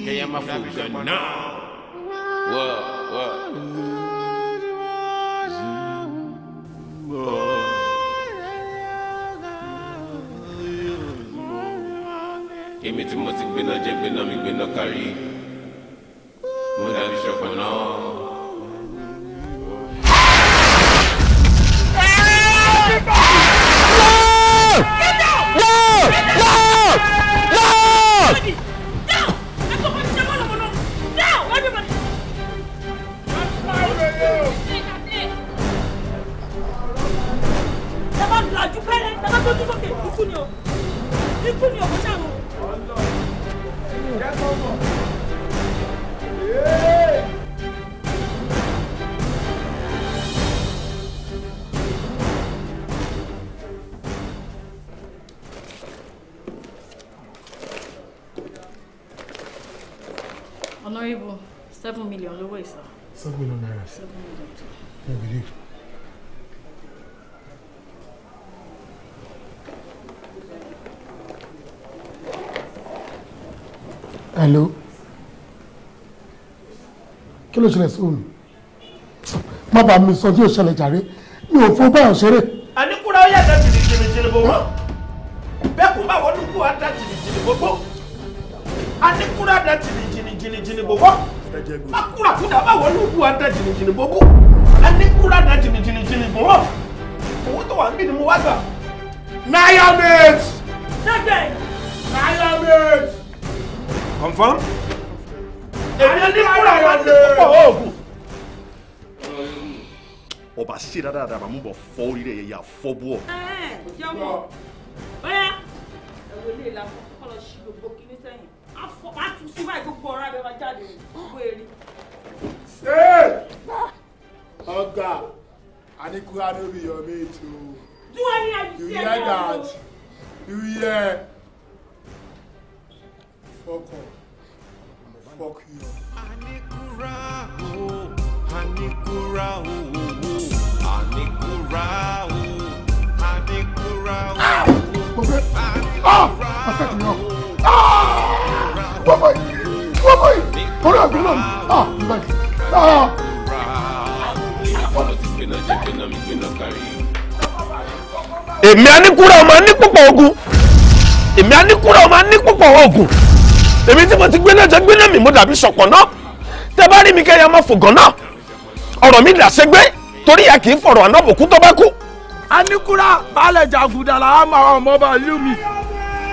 kẹ́yà máa fò gànà wọ́ọ̀ wọ́ọ̀. èmi tí mo ti gbéná jẹ gbéná mi gbéná kárí mo dàbí ṣọpọ náà. Ikú o, ikú o, kò ṣáà mọ̀. Honorable, seven million, lower, sir. Uh, seven million naira. Seven million. I believe. hello kí ló ṣẹlẹ̀ sóhun má bàa mi sọ tí ò ṣẹlẹ̀ jàre mi ò fún báyọ̀ ṣeré. àníkúra ó yàtọ̀ jìnnìjìnnì bòbó bẹ́ẹ̀ kò bá wọnú kú wa dá jìnnìjìnnì bòbó àníkúra dá jìnnìjìnnì bòbó akúra kú dá bá wọnú kú wa dá jìnnìjìnnì bòbó àníkúra dá jìnnìjìnnì bòbó owó tó wà ń bí ni mo wá gbà. mayonnaise. jẹ́jẹ́. mayonnaise confam. èmi ní kúrò àwọn ní púpọ̀ oògùn. ọba ṣe dáadáa bàmú bọ̀ fọ́ orí rẹ̀ yẹ̀yẹ̀ àfọ́bù ọ̀. jọ̀wọ́ bóyá ẹ̀wọ̀n ilé ìlànà ọgá anikura lórí yọ méjì o. do any of you see any of those. you hear that you hear. Fuck off. Fuck you. Anikura o, Anikura o, Anikura o, Anikura o. Ah! Perfect now. Ah! What boy? What boy? Hold on, hold on. Ah, back. Ah! Èmi Anikura ọmọ Anikpọ̀pọ̀ ogun. Èmi Anikura ọmọ Anikpọ̀pọ̀ ogun èmi tí mo ti gbé náà jẹ gbé náà mi mo dàbí sọ̀pọ̀ náà tẹ bá rí mi kẹ́ ẹ má fògàn náà ọ̀rọ̀ mi dà ségbé torí ẹ kì í fọ̀rọ̀ ànábòkú tó bá kú. anikura balẹ̀ jàgùdà la á máa ọmọ bá lù mí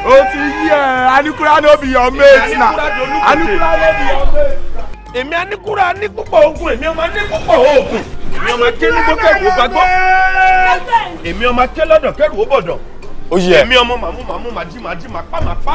o ti yí ẹ anikura no bi your mate na anikura no be your mate. èmi anikura ní púpọ̀ ogun èmi ọmọ ní púpọ̀ ogun èmi ọmọ ké ní gbọ́ kẹ́rù ó bá gbọ́ èmi ọmọ ké lọ́dọ̀ kẹ́rù ó bọ̀dọ̀ èmi ọmọ màmú màmú màdí màdí màpá màpá.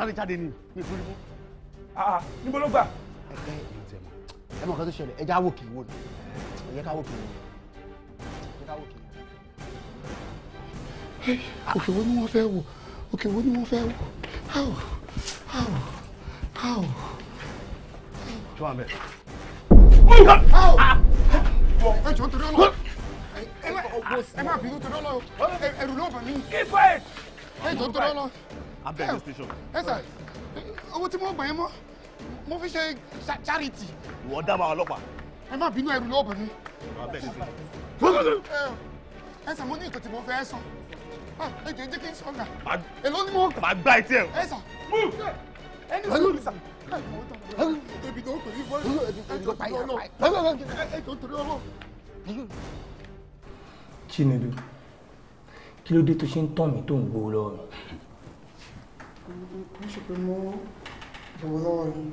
sáré jáde ni mi fún ibú. Ah, ah, níbo ló gbà. ẹgbẹ́ ìlú tẹ̀ mọ́ ẹ mọ̀ kan tó ṣẹlẹ̀ ẹja wò kì í wò ni ẹ̀yẹ ká wò kì í wò ni. òkè wo ni wọ́n fẹ́ wò òkè wo ni wọ́n fẹ́ wò áwò áwò áwò. tí wọ́n bẹ̀. áwò ah! ẹ jọ torí ọlọ́ ẹ má bínú torí ọlọ́ ẹrù ló bà mí. keep quiet. ẹ jọ torí ọlọ́ abẹ́rẹ́ station. ẹ sà owó tí mo gbà yín mọ́ mo fi ṣe charity. ìwọ dábàá ọlọ́pàá. ẹ má bínú ẹrù lọ́ọ̀bù mi. ẹ sà mo ní ìkòtì mo fẹ́ sàn ah, ẹ jẹ́ kí n sọ ọ̀gá èló ni mo gbà. màá gbá etí ẹ. ẹ sà ẹni sọ mi sà ebi tó torí bọ́ ẹni tó torí ọlọ́ ẹni tó torí ọlọ́. do kí ló dé tó ṣe ń tàn mí tó ń gbowó lọ́wọ́ mo ṣe pé mo bọ̀wọ̀ lọ́wọ́ rẹ̀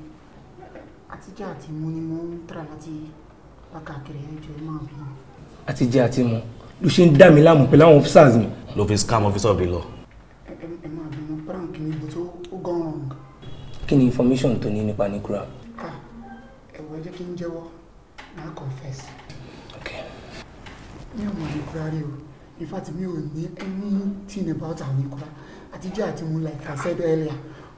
àtijọ́ àti mu ni mo ń tà láti wá káàkiri ẹjọ́ ẹ máa bí. àtijọ́ àti mu ló ṣe ń dá mi láàmú pẹ̀lú àwọn officers mi. ló fi scam officer bí lọ. ẹ máa bínú prank ni ibo tó ó gan wrong. kí ni information tó ní nípa ní kura. ẹ̀wọ̀ ẹ jẹ́ kí n jẹ́wọ́ máa confess. mi ò mọ̀ ní kura rí o in fact mi ò ní anything about àwọn ìkura àtijọ́ àti òun like I said earlier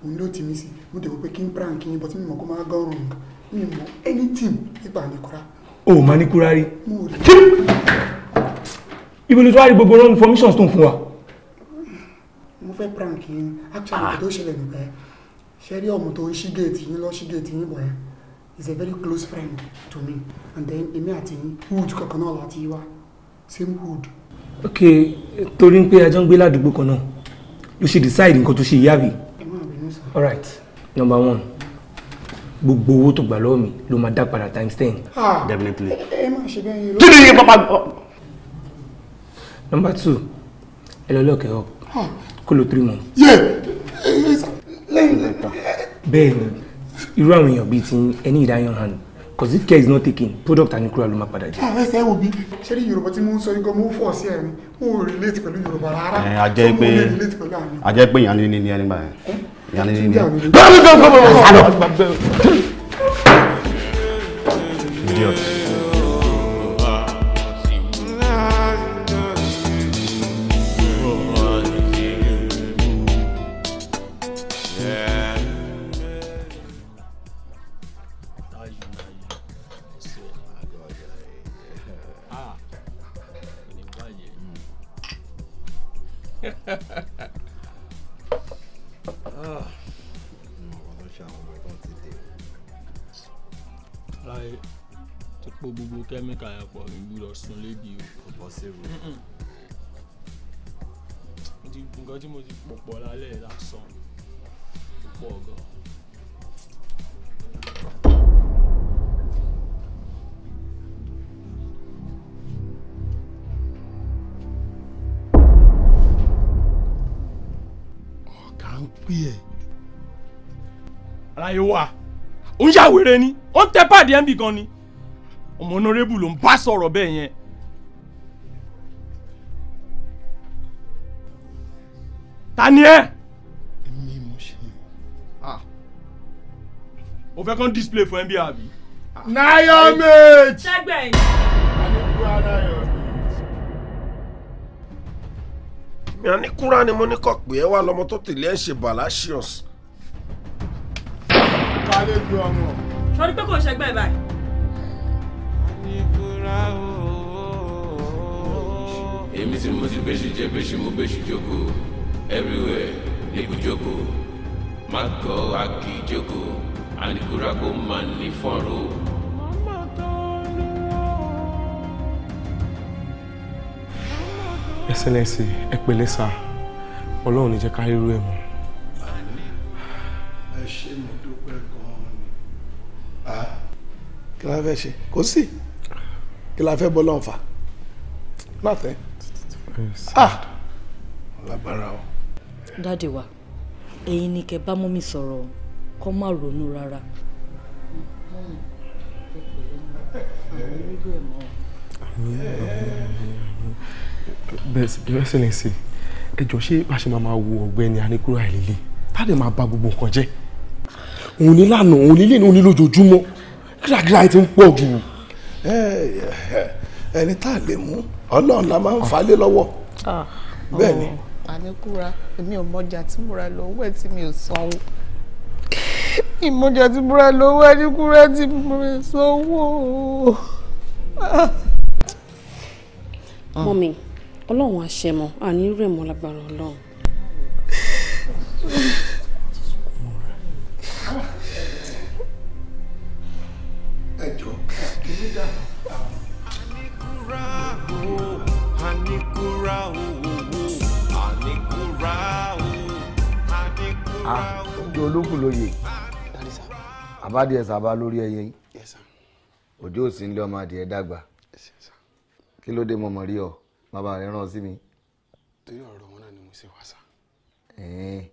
òun ló ti mí sí mo dẹ̀ wò pé kí n prank yín but mi mọ̀ kó máa gán wrong mi mọ̀ anything nípa àníkúrá. o ò máa ní kúrá rí tí ibi olùtọ́ gbogbo wrong information tó ń fún wa. mo fẹ́ prank yín actually kò tó ṣẹlẹ̀ nípa ẹ̀ ṣe rí ọmọ tó ń ṣí géètì yín lọ ṣí géètì yín bọ̀ ẹ́ is a very close friend to me and then èmi àti hood kankan náà láti wa same hood. ok torí pé a jọ ń gbé ládùúgbò kan náà ló ṣe decide nǹkan tó ṣe ìyá mi all right number one gbogbo owó tó gbà lọ́wọ́ mi ló máa dá padà times ten. Ah, definitely. kí ni bàbá. number two ẹ lọ lọ́ọ̀kẹ́ ọ ah. kó lo three months. yẹ lẹ́yìn lẹ́ta. bẹ́ẹ̀ ni irú àwọn èèyàn bíi ti ẹni ìdáyàn hàn because if care is not taken product àníkúrò ló máa padà jẹ. ẹ ṣe wo bí ṣé ní yorùbá tí mo ń sọ yín gan mo ń fọ sí ẹni mo ò relate pẹ̀lú yorùbá rárá ẹ ajẹ́ pé ajẹ́ pé ìyanu ni ni ẹni gbà yẹn ìyanu ni ni. gbọ́dọ̀ gbọ́dọ̀ gbọ́dọ̀ gbọ́dọ̀. idiot. impossible. nǹkan tí mo ti pọ̀ pọ̀ lálẹ́ lásán pọ̀ gan. aláyé wà ó ń yàwèrè ni ó ń tẹ páàdì ẹ̀ gan ni ọmọ honorable ló ń bá sọ̀rọ̀ bẹ́ẹ̀ yẹn ta ni ẹ. èmi mo ṣe é. Ah. o fẹ́ kàn display fún NBA. bí àbí. Ah. nayo mate. sẹ́gbẹ̀ẹ́. mi à ní kúrá ni mo ní kọ pé ẹ wá lọmọ tó tẹ̀lé ẹ ṣe balancius. ta ju ọmọ. sọdí pé kò ṣẹgbẹ́ báyìí. èmi tí mo ti bẹ́sì jẹ́ bẹ́sì mo bẹ́sì jókòó everywhere lẹ́kùjọ́kọ̀ mákọ̀ akíjọ́kọ̀ anikurago máa ní fọ́nrọ́. Excellency ẹ pẹ̀lẹ́ sá ọlọ́run ní jẹ́ ká rírú ẹ ṣe kí la fẹ́ ṣe kò sí kí la fẹ́ bọ́ lọ́nfà nothing. ah lágbára o dáàdì wa ẹ̀yin ni kẹ́ bá mọ́mì sọ̀rọ̀ kọ́ má ronú rárá. bẹ́ẹ̀ sì ni sí ẹ jọ ṣé bá ṣe máa máa wo ọ̀gbẹ́ni Aníkúrò Àìlélé tá lè máa bà gbogbo nǹkan jẹ́ òun ní lànà òun nílé òun ní lójoojúmọ́ kírakíra ti ń pọ̀ jù. ẹni tá a lè mú Ọlọ́run la máa ń falé lọ́wọ́ ah, bẹ́ẹ̀ ni. Oh àníkúra èmi ò mọjà tí mo ra lọ́wọ́ ẹ̀ tí mi ò sanwó ìmọ̀jà tí mo ra lọ́wọ́ àníkúra tí mo rẹ̀ sanwó. Ah. mọ́mi ọlọ́run àṣẹmọ àní rẹ̀ mọ́ lágbára ọlọ́run. àbádìẹ sábà lórí ẹyẹ yín òjò òsì ń lé ọmọ adìẹ dàgbà kí ló dé mo mọ̀ rí ọ bàbá rẹ rán ọ sí mi. torí ọ̀rọ̀ wọn náà ni mo ṣe wá sá. ẹ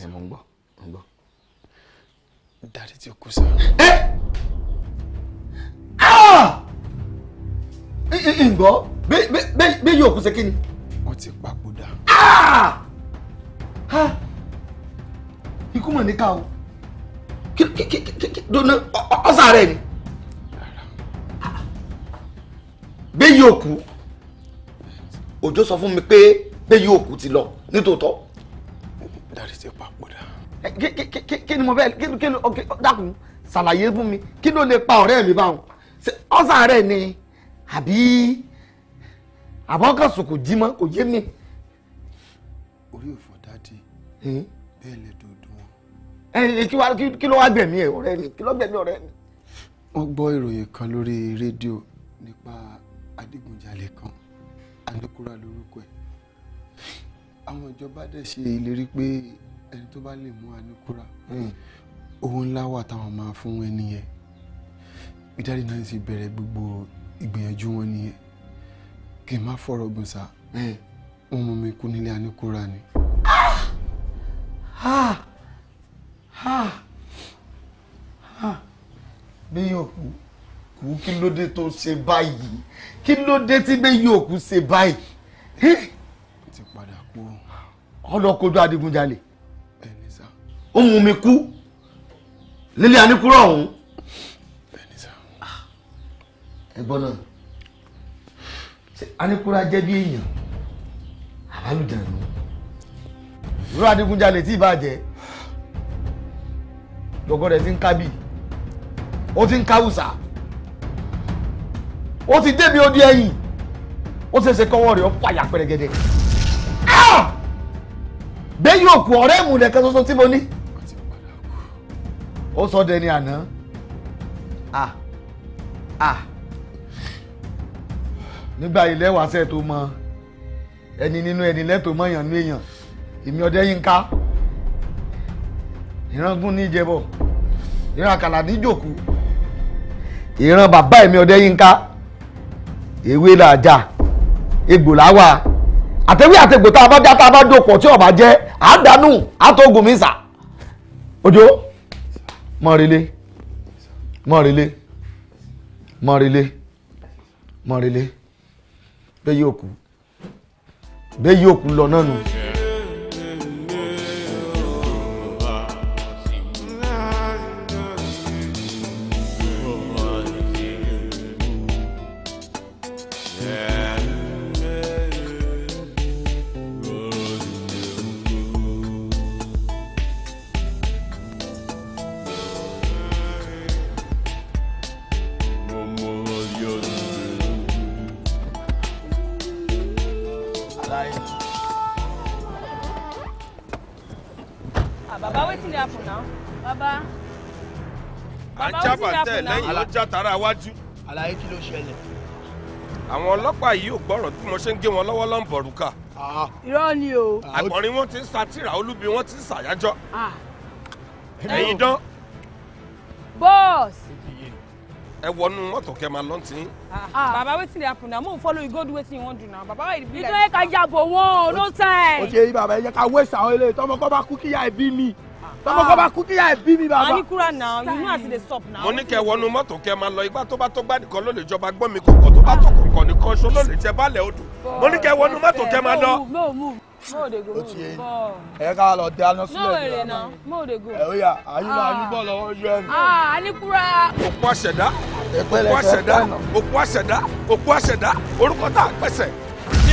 ẹ mo ń gbọ́ mo ń gbọ́. dáàdi ti kú sá. Ah! ẹ ẹ ǹgbọ́ bẹ́ẹ̀ yóò kú ṣe kí ni. wọ́n ti papòdà. Ah! ikú mọ̀ níkà o kí kí ni bẹ́ẹ̀ yóò òjò sọ fún mi pé bẹ́ẹ̀ yóò ti lọ nítòótọ́. dáre ti papòdà. kí ni mo bẹ́ẹ̀ kí ni dákun ṣàlàyé fún mi kí ló lè pa ọ̀rẹ́ mi báwọn ọ̀sà rẹ̀ ni àbí àbọ̀kàsùn kò jí mọ́ kò yé mi. orí òfò dáadé bẹ́ẹ̀ lè kí ló wá gbẹ̀mí ẹ̀ ọ̀rẹ́ ni kí ló gbẹ̀mí ọ̀rẹ́ ni. wọ́n gbọ́ ìròyìn kan lórí rédíò nípa adigunjalè kan alukura lórúkọ ẹ̀ àwọn ìjọba dẹ̀ ṣe ìlérí pé ẹni tó bá lè mú alukura hmm. owó ńlá wà táwọn máa fún ẹni yẹn ìdárí náà ti bẹ̀rẹ̀ gbogbo ìgbìyànjú wọn nìyẹn kì í má fọ̀rọ̀ gùn sá hmm. wọn mú mi kú nílé alukura ni. ah ah bẹ́ẹ̀ òkú kù kí ló dé tó ṣe báyìí kí ló dé tí bẹ́ẹ̀ òkú ṣe báyìí. ó ti padà kú. ọlọ́kojú adigunjalè ohun mi kú lílé aníkúrò ọ̀hún. ẹ̀gbọ́n náà aníkúrò ajẹ́ bí èèyàn àbálùdàn ni. ìró adigunjalè tí ì bá jẹ́ gbogbo rẹ̀ ti ń kábì ó ti ń káwùsà ó ti débi odi ẹ̀yìn ó ṣeéṣe kọ́wọ́ rẹ̀ ó fàyà pẹ̀rẹ̀gẹ̀dẹ̀ ah! bẹ́ẹ̀ yóò ọ̀rẹ́ ìmùlẹ̀ kan ṣoṣo tí mo ní ó sọ dẹni àná à ah! à ah! nígbà ilé tó mọ ẹni nínú ẹni lẹ́tọ̀ọ́ mọ̀yàn ní èèyàn èmi ọdẹ yín ká ìrangún ní ìjẹbọ ìran àkàlà níjòkó ìran bàbá ẹ̀mí ọdẹ yínká ewé làjà egbò làwà àtẹwé àtẹgbò tá a bá já tá a bá dòpọ̀ tí ọba jẹ́ àdánù àtọ̀gùn mi sà ojo mọ̀rẹ́lẹ́ mọ̀rẹ́lẹ́ mọ̀rẹ́lẹ́ mọ̀rẹ́lẹ́ bẹ́ẹ̀ yóò kú bẹ́ẹ̀ yóò kú lọ náà nù. wájú. àlàyé kí ló ṣẹlẹ̀. àwọn ọlọ́pàá yìí ò gbọ́ràn bí mo ṣe ń gé wọn lọ́wọ́ lọ́nbọ̀rúkà. irọ́ ni o. àgbọ̀nrín wọn ti ń satira olúbi wọn ti ń ṣàyájọ́. ẹ̀yin dán. bọ́ọ̀sì ẹ wọnú mọ́tò kẹ́ máa lọ́ntì. baba wetin dey happen na mo n follow you go do wetin you wan do now baba why e you be like. nítorí ká yàgò wọn no time. o ṣe yí baba ẹ jẹ ká wéṣà ọ eléyìí tọmọkọ bá kú kíyà ẹbí mi tọmọ kọ bá kú mi bàbá. àníkúrà náà you know as e dey sup now. mo ní kẹ wọnú mọ́tò kẹ máa lọ igbá tó bá tó gbá nìkan ló lè jọba gbọ́ mi kọ̀ọ̀kan tó bá tó kọ̀ọ̀kan nìkan ṣó ló lè jẹ balẹ̀ odò mo ní kẹ wọnú mọ́tò kẹ máa lọ. o ti yẹn ẹ ká lọ dé aná sílẹ̀ ní ọ̀nà ẹ ó yà àyùbá àyùbá lọ́wọ́ yọ ẹ̀. àníkúrà. Ah, òkú àṣẹ̀dá òkú àṣẹ̀dá òkú àṣẹ̀dá òkú àṣẹ̀dá orúkọ tá a pẹ̀sẹ̀ kí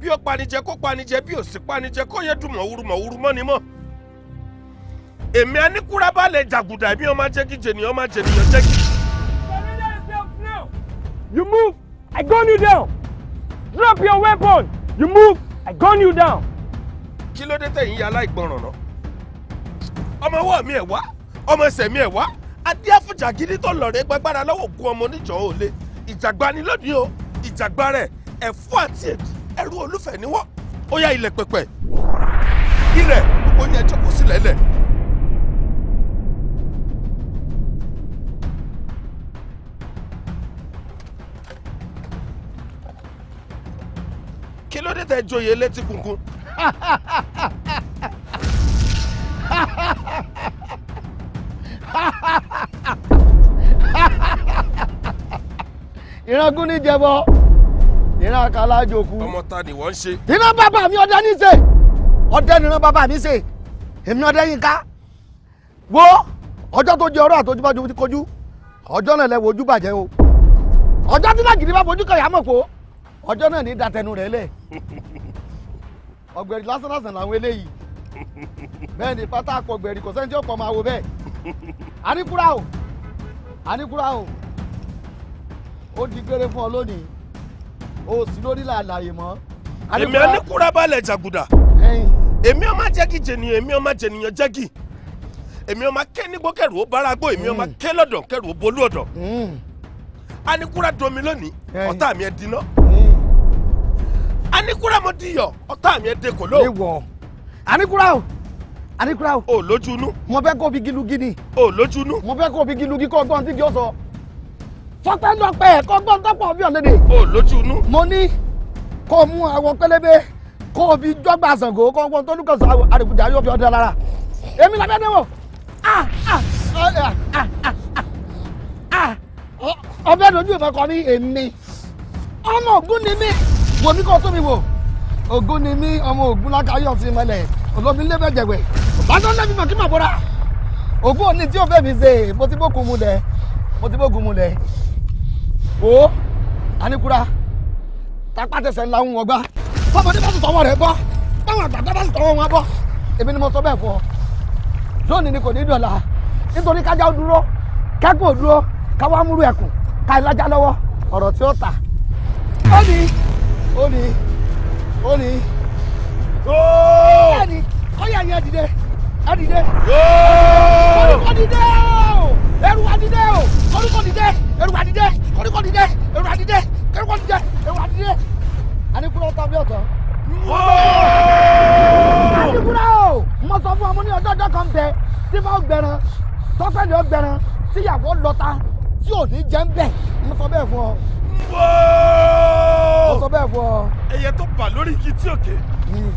bí ó panijẹ kó panijẹ bí ó sì panijẹ kó yẹ dùn mọ̀wúrú mọ̀wúrú mọ́ni mọ́ èmi aníkúrábà lè jàgùdà èmi ọmọ jẹ́kíjẹ ni ọmọ jẹniyàn jẹ́kí. You move, I gun you down. Drop your weapon. You move, I gun you down. Kí ló dé tẹ̀yìn ya aláìgbọràn náà? Ọmọ mi ẹ̀ wá, ọmọ ẹsẹ̀ mi ẹ̀ wá. Adé àfújà gidi tó lọ̀rẹ́ gbàgbára lọ́wọ́ ògùn ọmọ oníjọ́ òle. Ìjàgbá lónìí o, ìjàgbá rẹ̀, ẹ̀fọ́ àti èdè ẹrú olúfẹ́ ni wọ́n ó yá ilẹ̀ pẹ̀pẹ̀ ilẹ̀ gbogbo yẹn jókòó sílẹ̀ lẹ̀. kí ló dé tẹ joyè létí kunkun. ìrangún ní jẹbọ ìran kalájòkú. ọmọ ta ni wọ́n ń ṣe. ìran bàbá mi ọdẹ ní ṣe ọdẹ nìran bàbá mi ṣe èmi ọdẹ yín ká wo ọjọ́ tó jẹ ọ̀rọ̀ àtọjúbájú ti kojú ọjọ́ náà lẹ wojú bàjẹ́ o ọjọ́ tí lágìrì bá fojú kọyà mọ̀ pé ọjọ́ náà ní datẹnu rẹ̀ lẹ̀ ọ̀gbẹ̀rì lásánlásán làwọn eléyìí bẹ́ẹ̀ ni pátá akọ ọ̀gbẹ̀rì kò sẹ́ni tí ó pọ̀ máa wo bẹ́ẹ̀ àníkúrà o àníkúrà o ó di gbére fún ọ lónìí o sì lórí làlàyé mọ́. èmi á ní kúra balẹ̀ jàgùdà èmi ọmọ jẹ́kì jẹ̀nìyàn èmi ọmọ jẹ̀nìyàn jẹ́kì èmi ọmọ kẹ́ nígbó kẹ́rù ó báragbó èmi ọmọ mm. kẹ́ lọ́dọ̀ kẹ́rù ó bolú ọ̀dọ̀ anikura mm. domi lónìí ọ̀tá mi ẹ̀ dínà mm. anikura mo di yọ ọ̀tá mi ẹ̀ dẹ́kọ̀ ló. ewọ anikura o anikura o. o lójú inú. mo fẹ́ kó fi gilugi ni. o lójú inú. mo fẹ́ kó fi gilugi kó gbọ́n tí kì í sọ fọ́pẹ́ndọ́pẹ́ ẹ̀kọ́ gbọ́ndọ́pọ̀ bí ọ̀lẹ́dẹ̀. o lójú inú. mo ní kó o mú àwọn pélébé kó o fi dọ́gba àsàngó kó o gbọ́n tó lùkọ̀ sọ àrègùjà yóò fi ọdẹ lára. èmi làbẹ́ dẹ́wọ̀ ọbẹ̀ dojú ìfẹ́ kọ ní èmi ọmọ ògún ni mí wò mí kó tó mi wò ògún ni mí ọmọ ògún lákàáyọ̀ sí mẹ́lẹ̀ olómi lébẹ̀jẹ̀wẹ̀ bàtọ́ lẹ́bi mọ̀ kí mà bọ́ra ògún òní tí ò fẹ́ mi ṣe mo ti bókun mu lẹ̀ mo ti bókun mu lẹ̀ wo anikura tapatẹsẹ ńlá ń wọgbá tọmọdé bá sì tọwọ́ rẹ̀ bọ́ táwọn àgbàdo bá sì tọwọ́ wọn bọ́ èmi ni mo sọ bẹ́ẹ̀ fọ zóònì ni kò ní dọ̀la nítorí kájà ó dúró kẹ́kọ̀ọ́ ò dúró káwá múrú ẹ̀kùn ká ìlàjà lọ́wọ́ ọ̀rọ̀ tí ó tà ó ní ó ní ó ní ó ní ó yà yẹn dìde ẹ dìde ó ní ó dìde ó ẹrù wa dìde o koríko dìde ẹrù wa dìde koríko dìde ẹrù wa dìde koríko dìde ẹrù wa dìde. anikura ọta bí ọtọ. anikura o mo sọ fún ọmọ ní ọjọ́ ọjọ́ kan bẹ tí mo gbẹran tọ́fẹ̀lì ó gbẹran tíyàwó lọ́ta tí ò ní jẹ́ ń bẹ̀ mo sọ bẹ́ẹ̀ fún ọ. mo sọ bẹ́ẹ̀ fún ọ. ẹyẹ tó bà lórí igi tí òkè hmm.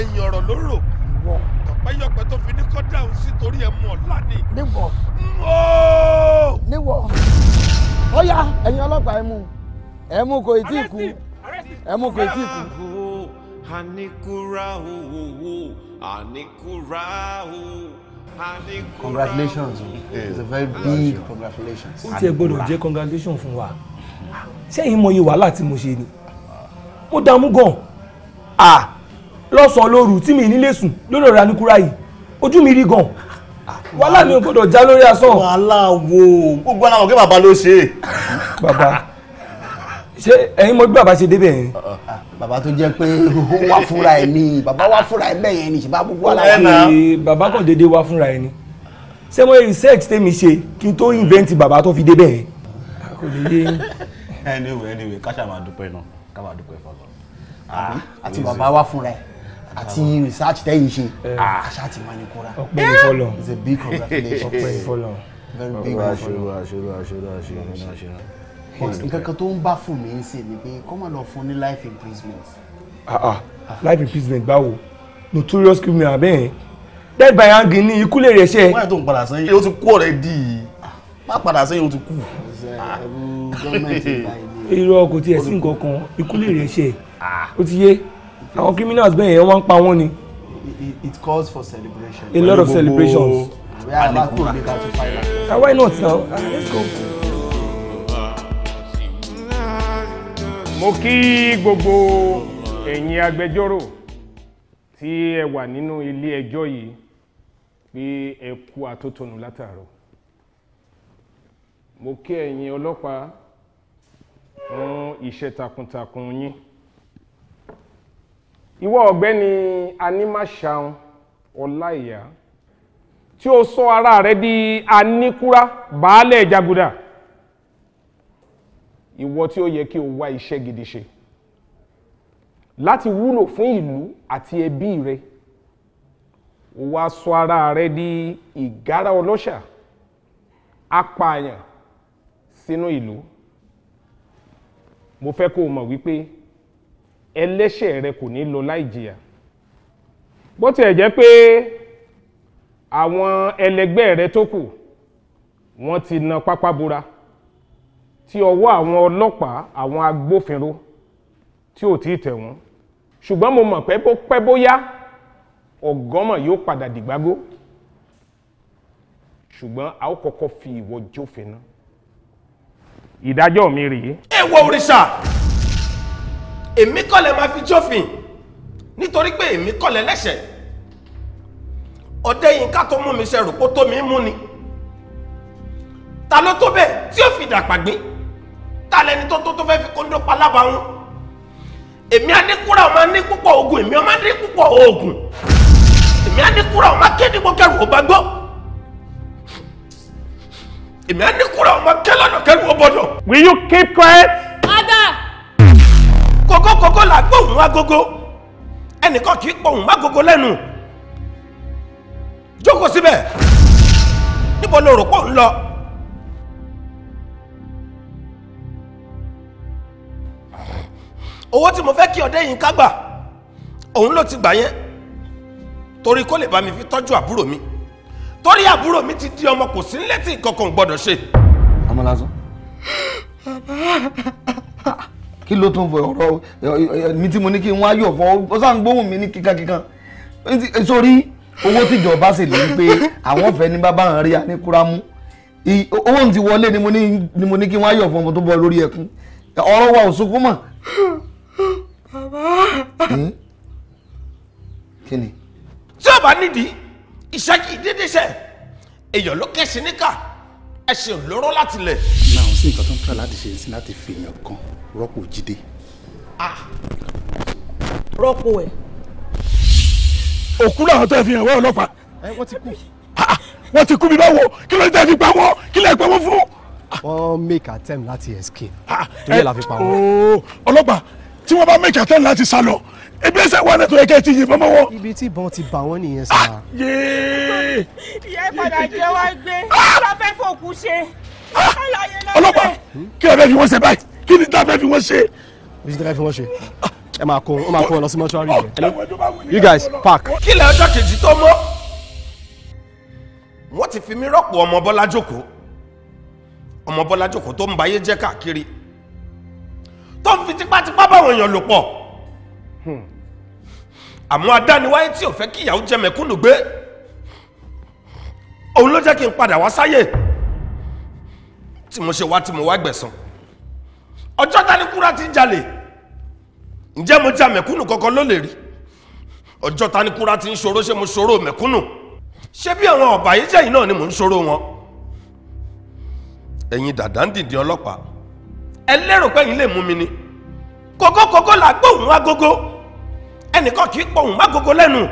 ẹ̀yìn ọ̀rọ̀ ló rò pẹ́yọpẹ́ tó fi ní kọ́dà òun sí torí ẹ̀ mọ̀ lánìí. níwọ. níwọ. ó yá ẹ̀yin ọlọ́pàá ẹ̀ mú kò tí ì kú ẹ̀ kò tí ì kú. Anikura ooo, Anikura Anikura ooo. Congratulations, it's a very big congratulations. Ó tiẹ̀ gbọ́dọ̀ jẹ́ congratulations fún wa. Ṣé ẹ̀yin mọ iye wàhálà tí mo ṣe ni? Mo dààmú gan lọ́sàn-án lóru tí mi ní lè sùn lórí ọ̀rọ̀ anukura yìí ojú mi rí gan wàhálà mi ò gbọdọ̀ já lórí asán. wàhálà wo gbogbo aláwọ̀ kí bàbá ló ṣe. bàbá ṣé ẹ̀yin mọ̀ bí bàbá ṣe débẹ̀ yẹn. bàbá tó jẹ́ pé ó wá fúnra ẹ̀ ni bàbá wá fúnra ẹ̀ bẹ́ẹ̀ yẹn ni ṣùgbọ́n gbogbo aláwọ̀ ni. bàbá kan dédé wá fúnra ẹ̀ ni ṣé mo research tèmi ṣe kí n tó invent bàbá tó fi débẹ̀ yẹn. kò lè yé anyway anyway ká ṣáà máa dúpẹ́ náà ká máa dúpẹ́ fọlọ́. àti bàbá wá fúnra ẹ̀ àti research tẹ́yìn ṣe eh. ah, àṣà ti máa ní kóra ọpẹ́ ìfọlọ it's a big congratulation ọpẹ́ ìfọlọ very big congratulation. àṣírò àṣírò àṣírò àṣírò àṣírò. nǹkan kan tó ń bá fún mi ṣe ni pé kọ́ máa lọ fún ní life imprisonment. Ah, ah. life imprisonment báwo notorious criminal abẹ́yẹn dead by hanging ní ikú lè rẹ̀ṣẹ̀. wọ́n yẹ tó ń padà sẹ́yìn ó ti kú ọ̀rẹ́ dì í má padà sẹ́yìn ó ti kú. irọ́ kò tiẹ̀ sí nǹkan kan ikú lè rẹ̀ṣẹ̀ ó ti yé àwọn criminals bẹ́ẹ̀ yẹn wọ́n ń pa wọ́n ni. it calls for celebration. a lot of celebrations. why not now let's go. mo kí gbogbo ẹ̀yin agbẹjọ́rò tí ẹ wà nínú ilé ẹjọ́ yìí pé ẹ kú àtótónu látàárọ̀ mo kí ẹ̀yin ọlọ́pàá fún iṣẹ́ takuntakun yín ìwọ ọ̀gbẹ́ni Animashaun Ọláìyá tí ó sọ ara rẹ̀ di aníkúrá baálẹ̀ jaguda ìwọ tí ó yẹ kí o wá iṣẹ́ gidi ṣe láti wúlò fún ìlú àti ẹbí rẹ̀ o wá sọ ara rẹ̀ di ìgárá ọlọ́ṣà apààyàn sínú ìlú mo fẹ́ kó o mọ̀ wípé ẹlẹ́ṣẹ̀ rẹ kò ní lọ láì jìyà bó tiẹ̀ jẹ́ pé àwọn ẹlẹgbẹ́ rẹ tó kù wọ́n ti na pápá bora tí ọwọ́ àwọn ọlọ́pàá àwọn agbófinró tí ò tí ì tẹ̀ wọ́n ṣùgbọ́n mo mọ̀ pé bó pẹ́ bóyá ọ̀gọ́mọ̀ yóò padà dìgbágó ṣùgbọ́n a ó kọ́kọ́ fi ìwọ jófin náà ìdájọ́ mi rèé. ẹ wọ òrìṣà èmi kọ́ máa fi jófin nítorí pé èmi kọ́ lẹ lẹ́sẹ̀ Ọdẹ́yìnká tó mú mi ṣẹrù kó tó mi mú ni ta ló tó bẹ́ẹ̀ tí ó fi dàpà gbé ta lẹni tó tó tó fẹ́ fi kóńdó pa lába èmi adékúrà ọmọ ní púpọ̀ oògùn èmi ọmọ ní púpọ̀ oògùn èmi adékúrà ọmọ kéde mo kẹrù ọba gbọ́ èmi adékúrà ọmọ kẹlọ́dọ̀ kẹrù ọbọdọ̀. Will you keep quiet? Ada kókókókó là gbóhùn agogo ẹnìkan kì í pohùn agogo lẹ́nu jókòó síbẹ̀ níbo lo rò pọ̀ ń lọ. owó tí mo fẹ́ kí ọdẹ yìí ká gbà òun ló ti gbà yẹn torí kó lè bá mi fi tọ́jú àbúrò mi torí àbúrò mi ti di ọmọ kò sí létí kankan gbọ́dọ̀ ṣe. ọmọ lásán. kí ló tún fọ ọ̀rọ̀ mi tí mo ní kí n wá yọ̀ fọ ọ sáà ń gbóhùn mi ní kíkankíkan sórí owó tíjọba sì lè pé àwọn ọ̀fẹ́ ní bàbá àwọn rí a ní kúrámú owó ti wọlé ni mo ní kí n wá yọ̀ fọ ọmọ tó bọ lórí ẹkún ọ̀rọ̀ wa ò sunkún mọ́. bàbá kí ni. tí o bá nídìí ìṣẹ́jú ìdédéṣẹ́ èèyàn ló kẹ́sìn níkà ẹ̀sìn lóró láti lẹ̀. náà ó sì nǹkan tó ń tọ́ láti ṣe sí láti fi èèyàn kan rọ́pò jíde. Ah! rọ́pò ẹ̀. òkú làwọn tẹ́ fi hàn wá ọlọ́pàá. ẹ wọ́n ti kú. Ah, ah, wọ́n ti kú mi báwo kí ló ń tẹ́ fi pa wọ́n kí lè pa wọ́n fún. wọ́n make attempt láti escape torí ẹ̀ la fi pa wọ́n. ọlọ́pàá tí wọ́n bá make attempt láti sá lọ ibi ẹsẹ̀ wọn lẹ́tọ̀ọ́ yẹ kẹ́ ẹ ti yìnbọn mọ́ wọn. ibi tí ìbọn ti bà wọ́n nìyẹn sá. ìyá ẹ padà jẹ́ wá gbé kí ló fẹ́ fòkú ṣe. ọlọ́pàá kí ló fẹ́ fi wọ́n ṣe báyìí kí ni tá a fẹ́ fi wọ́n ṣe. kí ni tá a fẹ́ fi wọ́n ṣe ẹ máa kó ọ máa kó ọ lọ sí mọ́ṣúárì rẹ you guys park. kílẹ̀ ọjọ́ kejì tó mọ́ wọ́n ti fi mí rọ́pò ọmọ bọ́lá jókòó ọmọ bọ́lá jókòó tó ń bayé jẹ́ káàkiri tó ń fi tipátipá báwọn èèyàn lò pọ̀ hmm. àmọ́ adániwáyé tí ò fẹ́ kí ìyàwó jẹ mẹ̀kúnnù gbé òun ló jẹ́ kí n padà wá sáyé tí mo ṣe wá tí mo wá gbẹ̀san. ọjọ́ tani kúra ti ń jalè ǹjẹ́ mo ja mẹ̀kúnnù kankan ló lè rí ọjọ́ tani kúra ti ń ṣòro ṣe mo ṣòro ṣé bí àwọn yìí náà ni mò ń ṣòro wọn ẹ̀yin dàda ń dị ọlọ́pàá ẹ lérò pé ẹ̀yin lè mú mi ni là gbóhùn ẹnìkan kì í lẹ́nu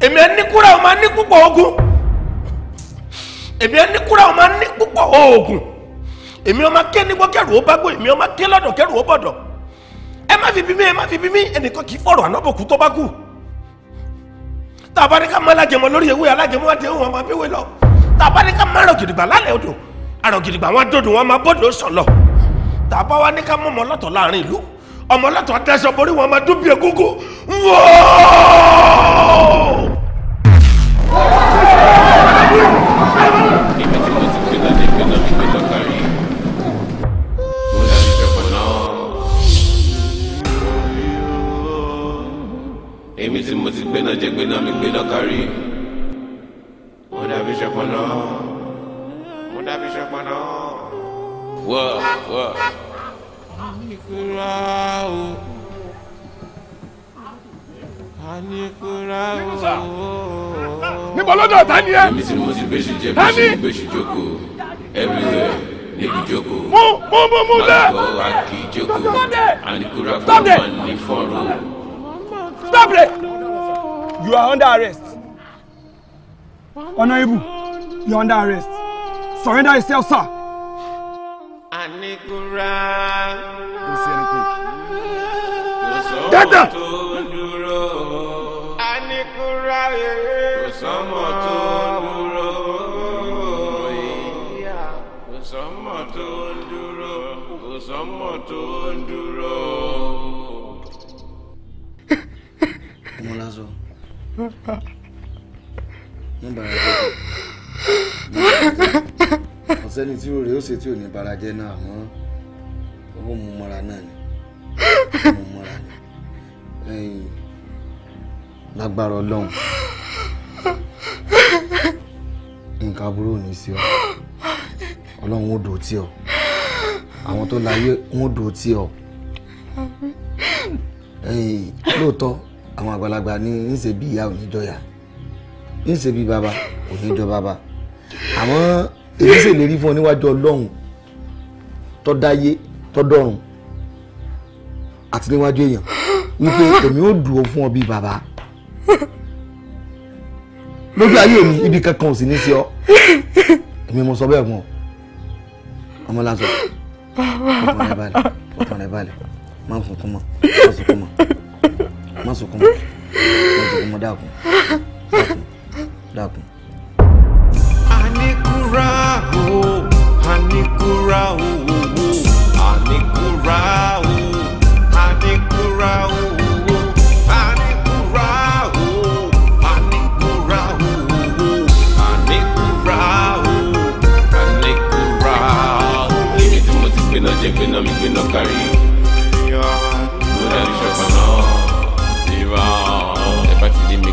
èmi kúra ní ní púpọ̀ èmi ọmọ ké nígbọ́ kẹrù ó bágbó èmi ọmọ ké lọ́dọ̀ kẹrù ó bọ̀dọ̀ ẹ má fi bí mi ẹ má fi bí mi ẹnìkan kì í fọ̀rọ̀ ànábòkú tó bá kù tàbá ní ká má alájẹmọ lórí ewé alájẹmọ wá dé wọn máa bí wé lọ tàbá ní ká má rọ gidigba lálẹ́ odò àrọ gidigba wọn dòdò wọn máa bọ́dọ̀ sàn tàbá wa ní ká mọ ọmọ láàrin ìlú ọmọ lọ́tọ̀ borí wọn máa dún bí wọ́ọ́. gbéná jẹ gbéná mi gbéná kárí. mo dàbí ṣọpọnà mo dàbí ṣọpọnà. wọ́ wọ́. àníkúrá o àníkúrá o. níbo lọ́dọ̀ ta ni ẹ. èmi tí mo ti gbèsè jẹ gbèsè gbèsè jókòó everywhere níbi jókòó. mú mú mú mú dẹ. báwo a kì í jókòó àníkúrá fún wa ní fọ́ọ̀rọ̀. stop it you are under arrest honorable. you are under arrest surrender yourself sir. anigura eh. kò sí ẹni pé dada. anigura kò ọ̀sẹ́ni tí ó rèé ó ṣe tí ò ní barajẹ́ náà mọ́ ó mú mọ́ra náà ni ó mú mọ́ra ni ẹ̀yìn lágbára ọlọ́run nǹkan aburú ní sí ọ ọlọ́run ó dò tí ọ àwọn tó láyé wọn ó dò tí ọ ẹ̀yìn lóòótọ́ àwọn àgbàlagbà ní ńṣe bí ìyá òní jọyà ńṣe bí bàbá òní jọ bàbá àmọ́ èyí ṣèlérí fún ọ níwájú ọlọ́run tọ́dáyé tọ́dọ̀run àti níwájú èèyàn wípé èmi ò dùn ó fún ọ bíi bàbá lójú ayé mi ibi kankan ò sì ní sí ọ èmi mo sọ bẹ́ẹ̀ fún ọ ọmọ lásán ọkàn rẹ balẹ̀ ọkàn rẹ balẹ̀ má fún kún mọ́ má sùn kún má sọkún má sọkún anikurahu, anikurahu, dákun. àníkúrà o àníkúrà o àníkúrà o àníkúrà o. Gbẹ̀nà jẹ́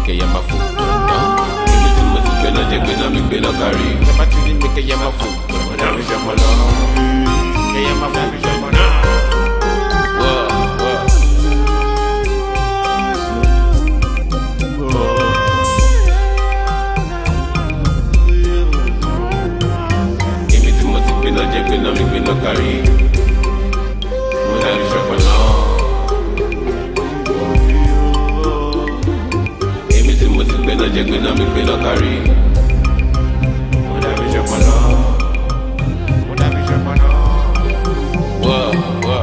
make a yama food. Everything must be no jẹ́ pé náà mi gbé náà kárí. Bàbá a yama food. Ọ̀nà mi jọmọ lọ. no jẹ́ jẹ́ pé náà pípé náà kárí. mo dàbí ṣọpọ̀ náà. mo dàbí ṣọpọ̀ náà. wọ́ wọ́.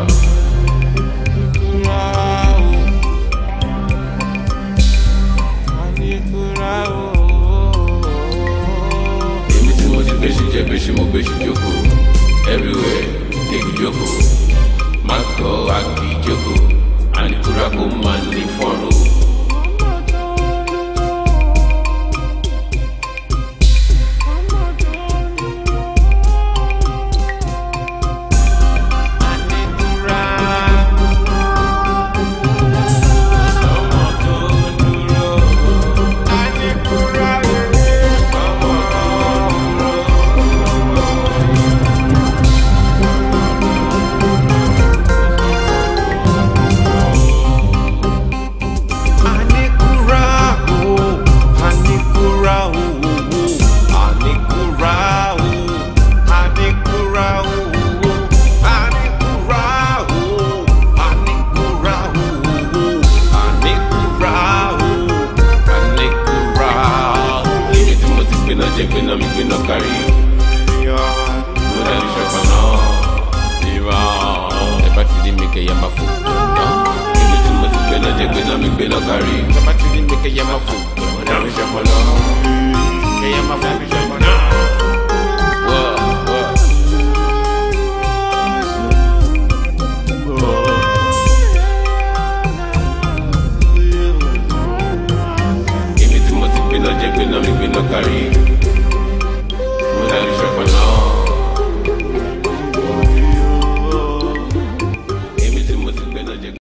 mo ti gbèsè everywhere dèbí jókòó má tọ́ àkì jókòó àníkúrà kò máa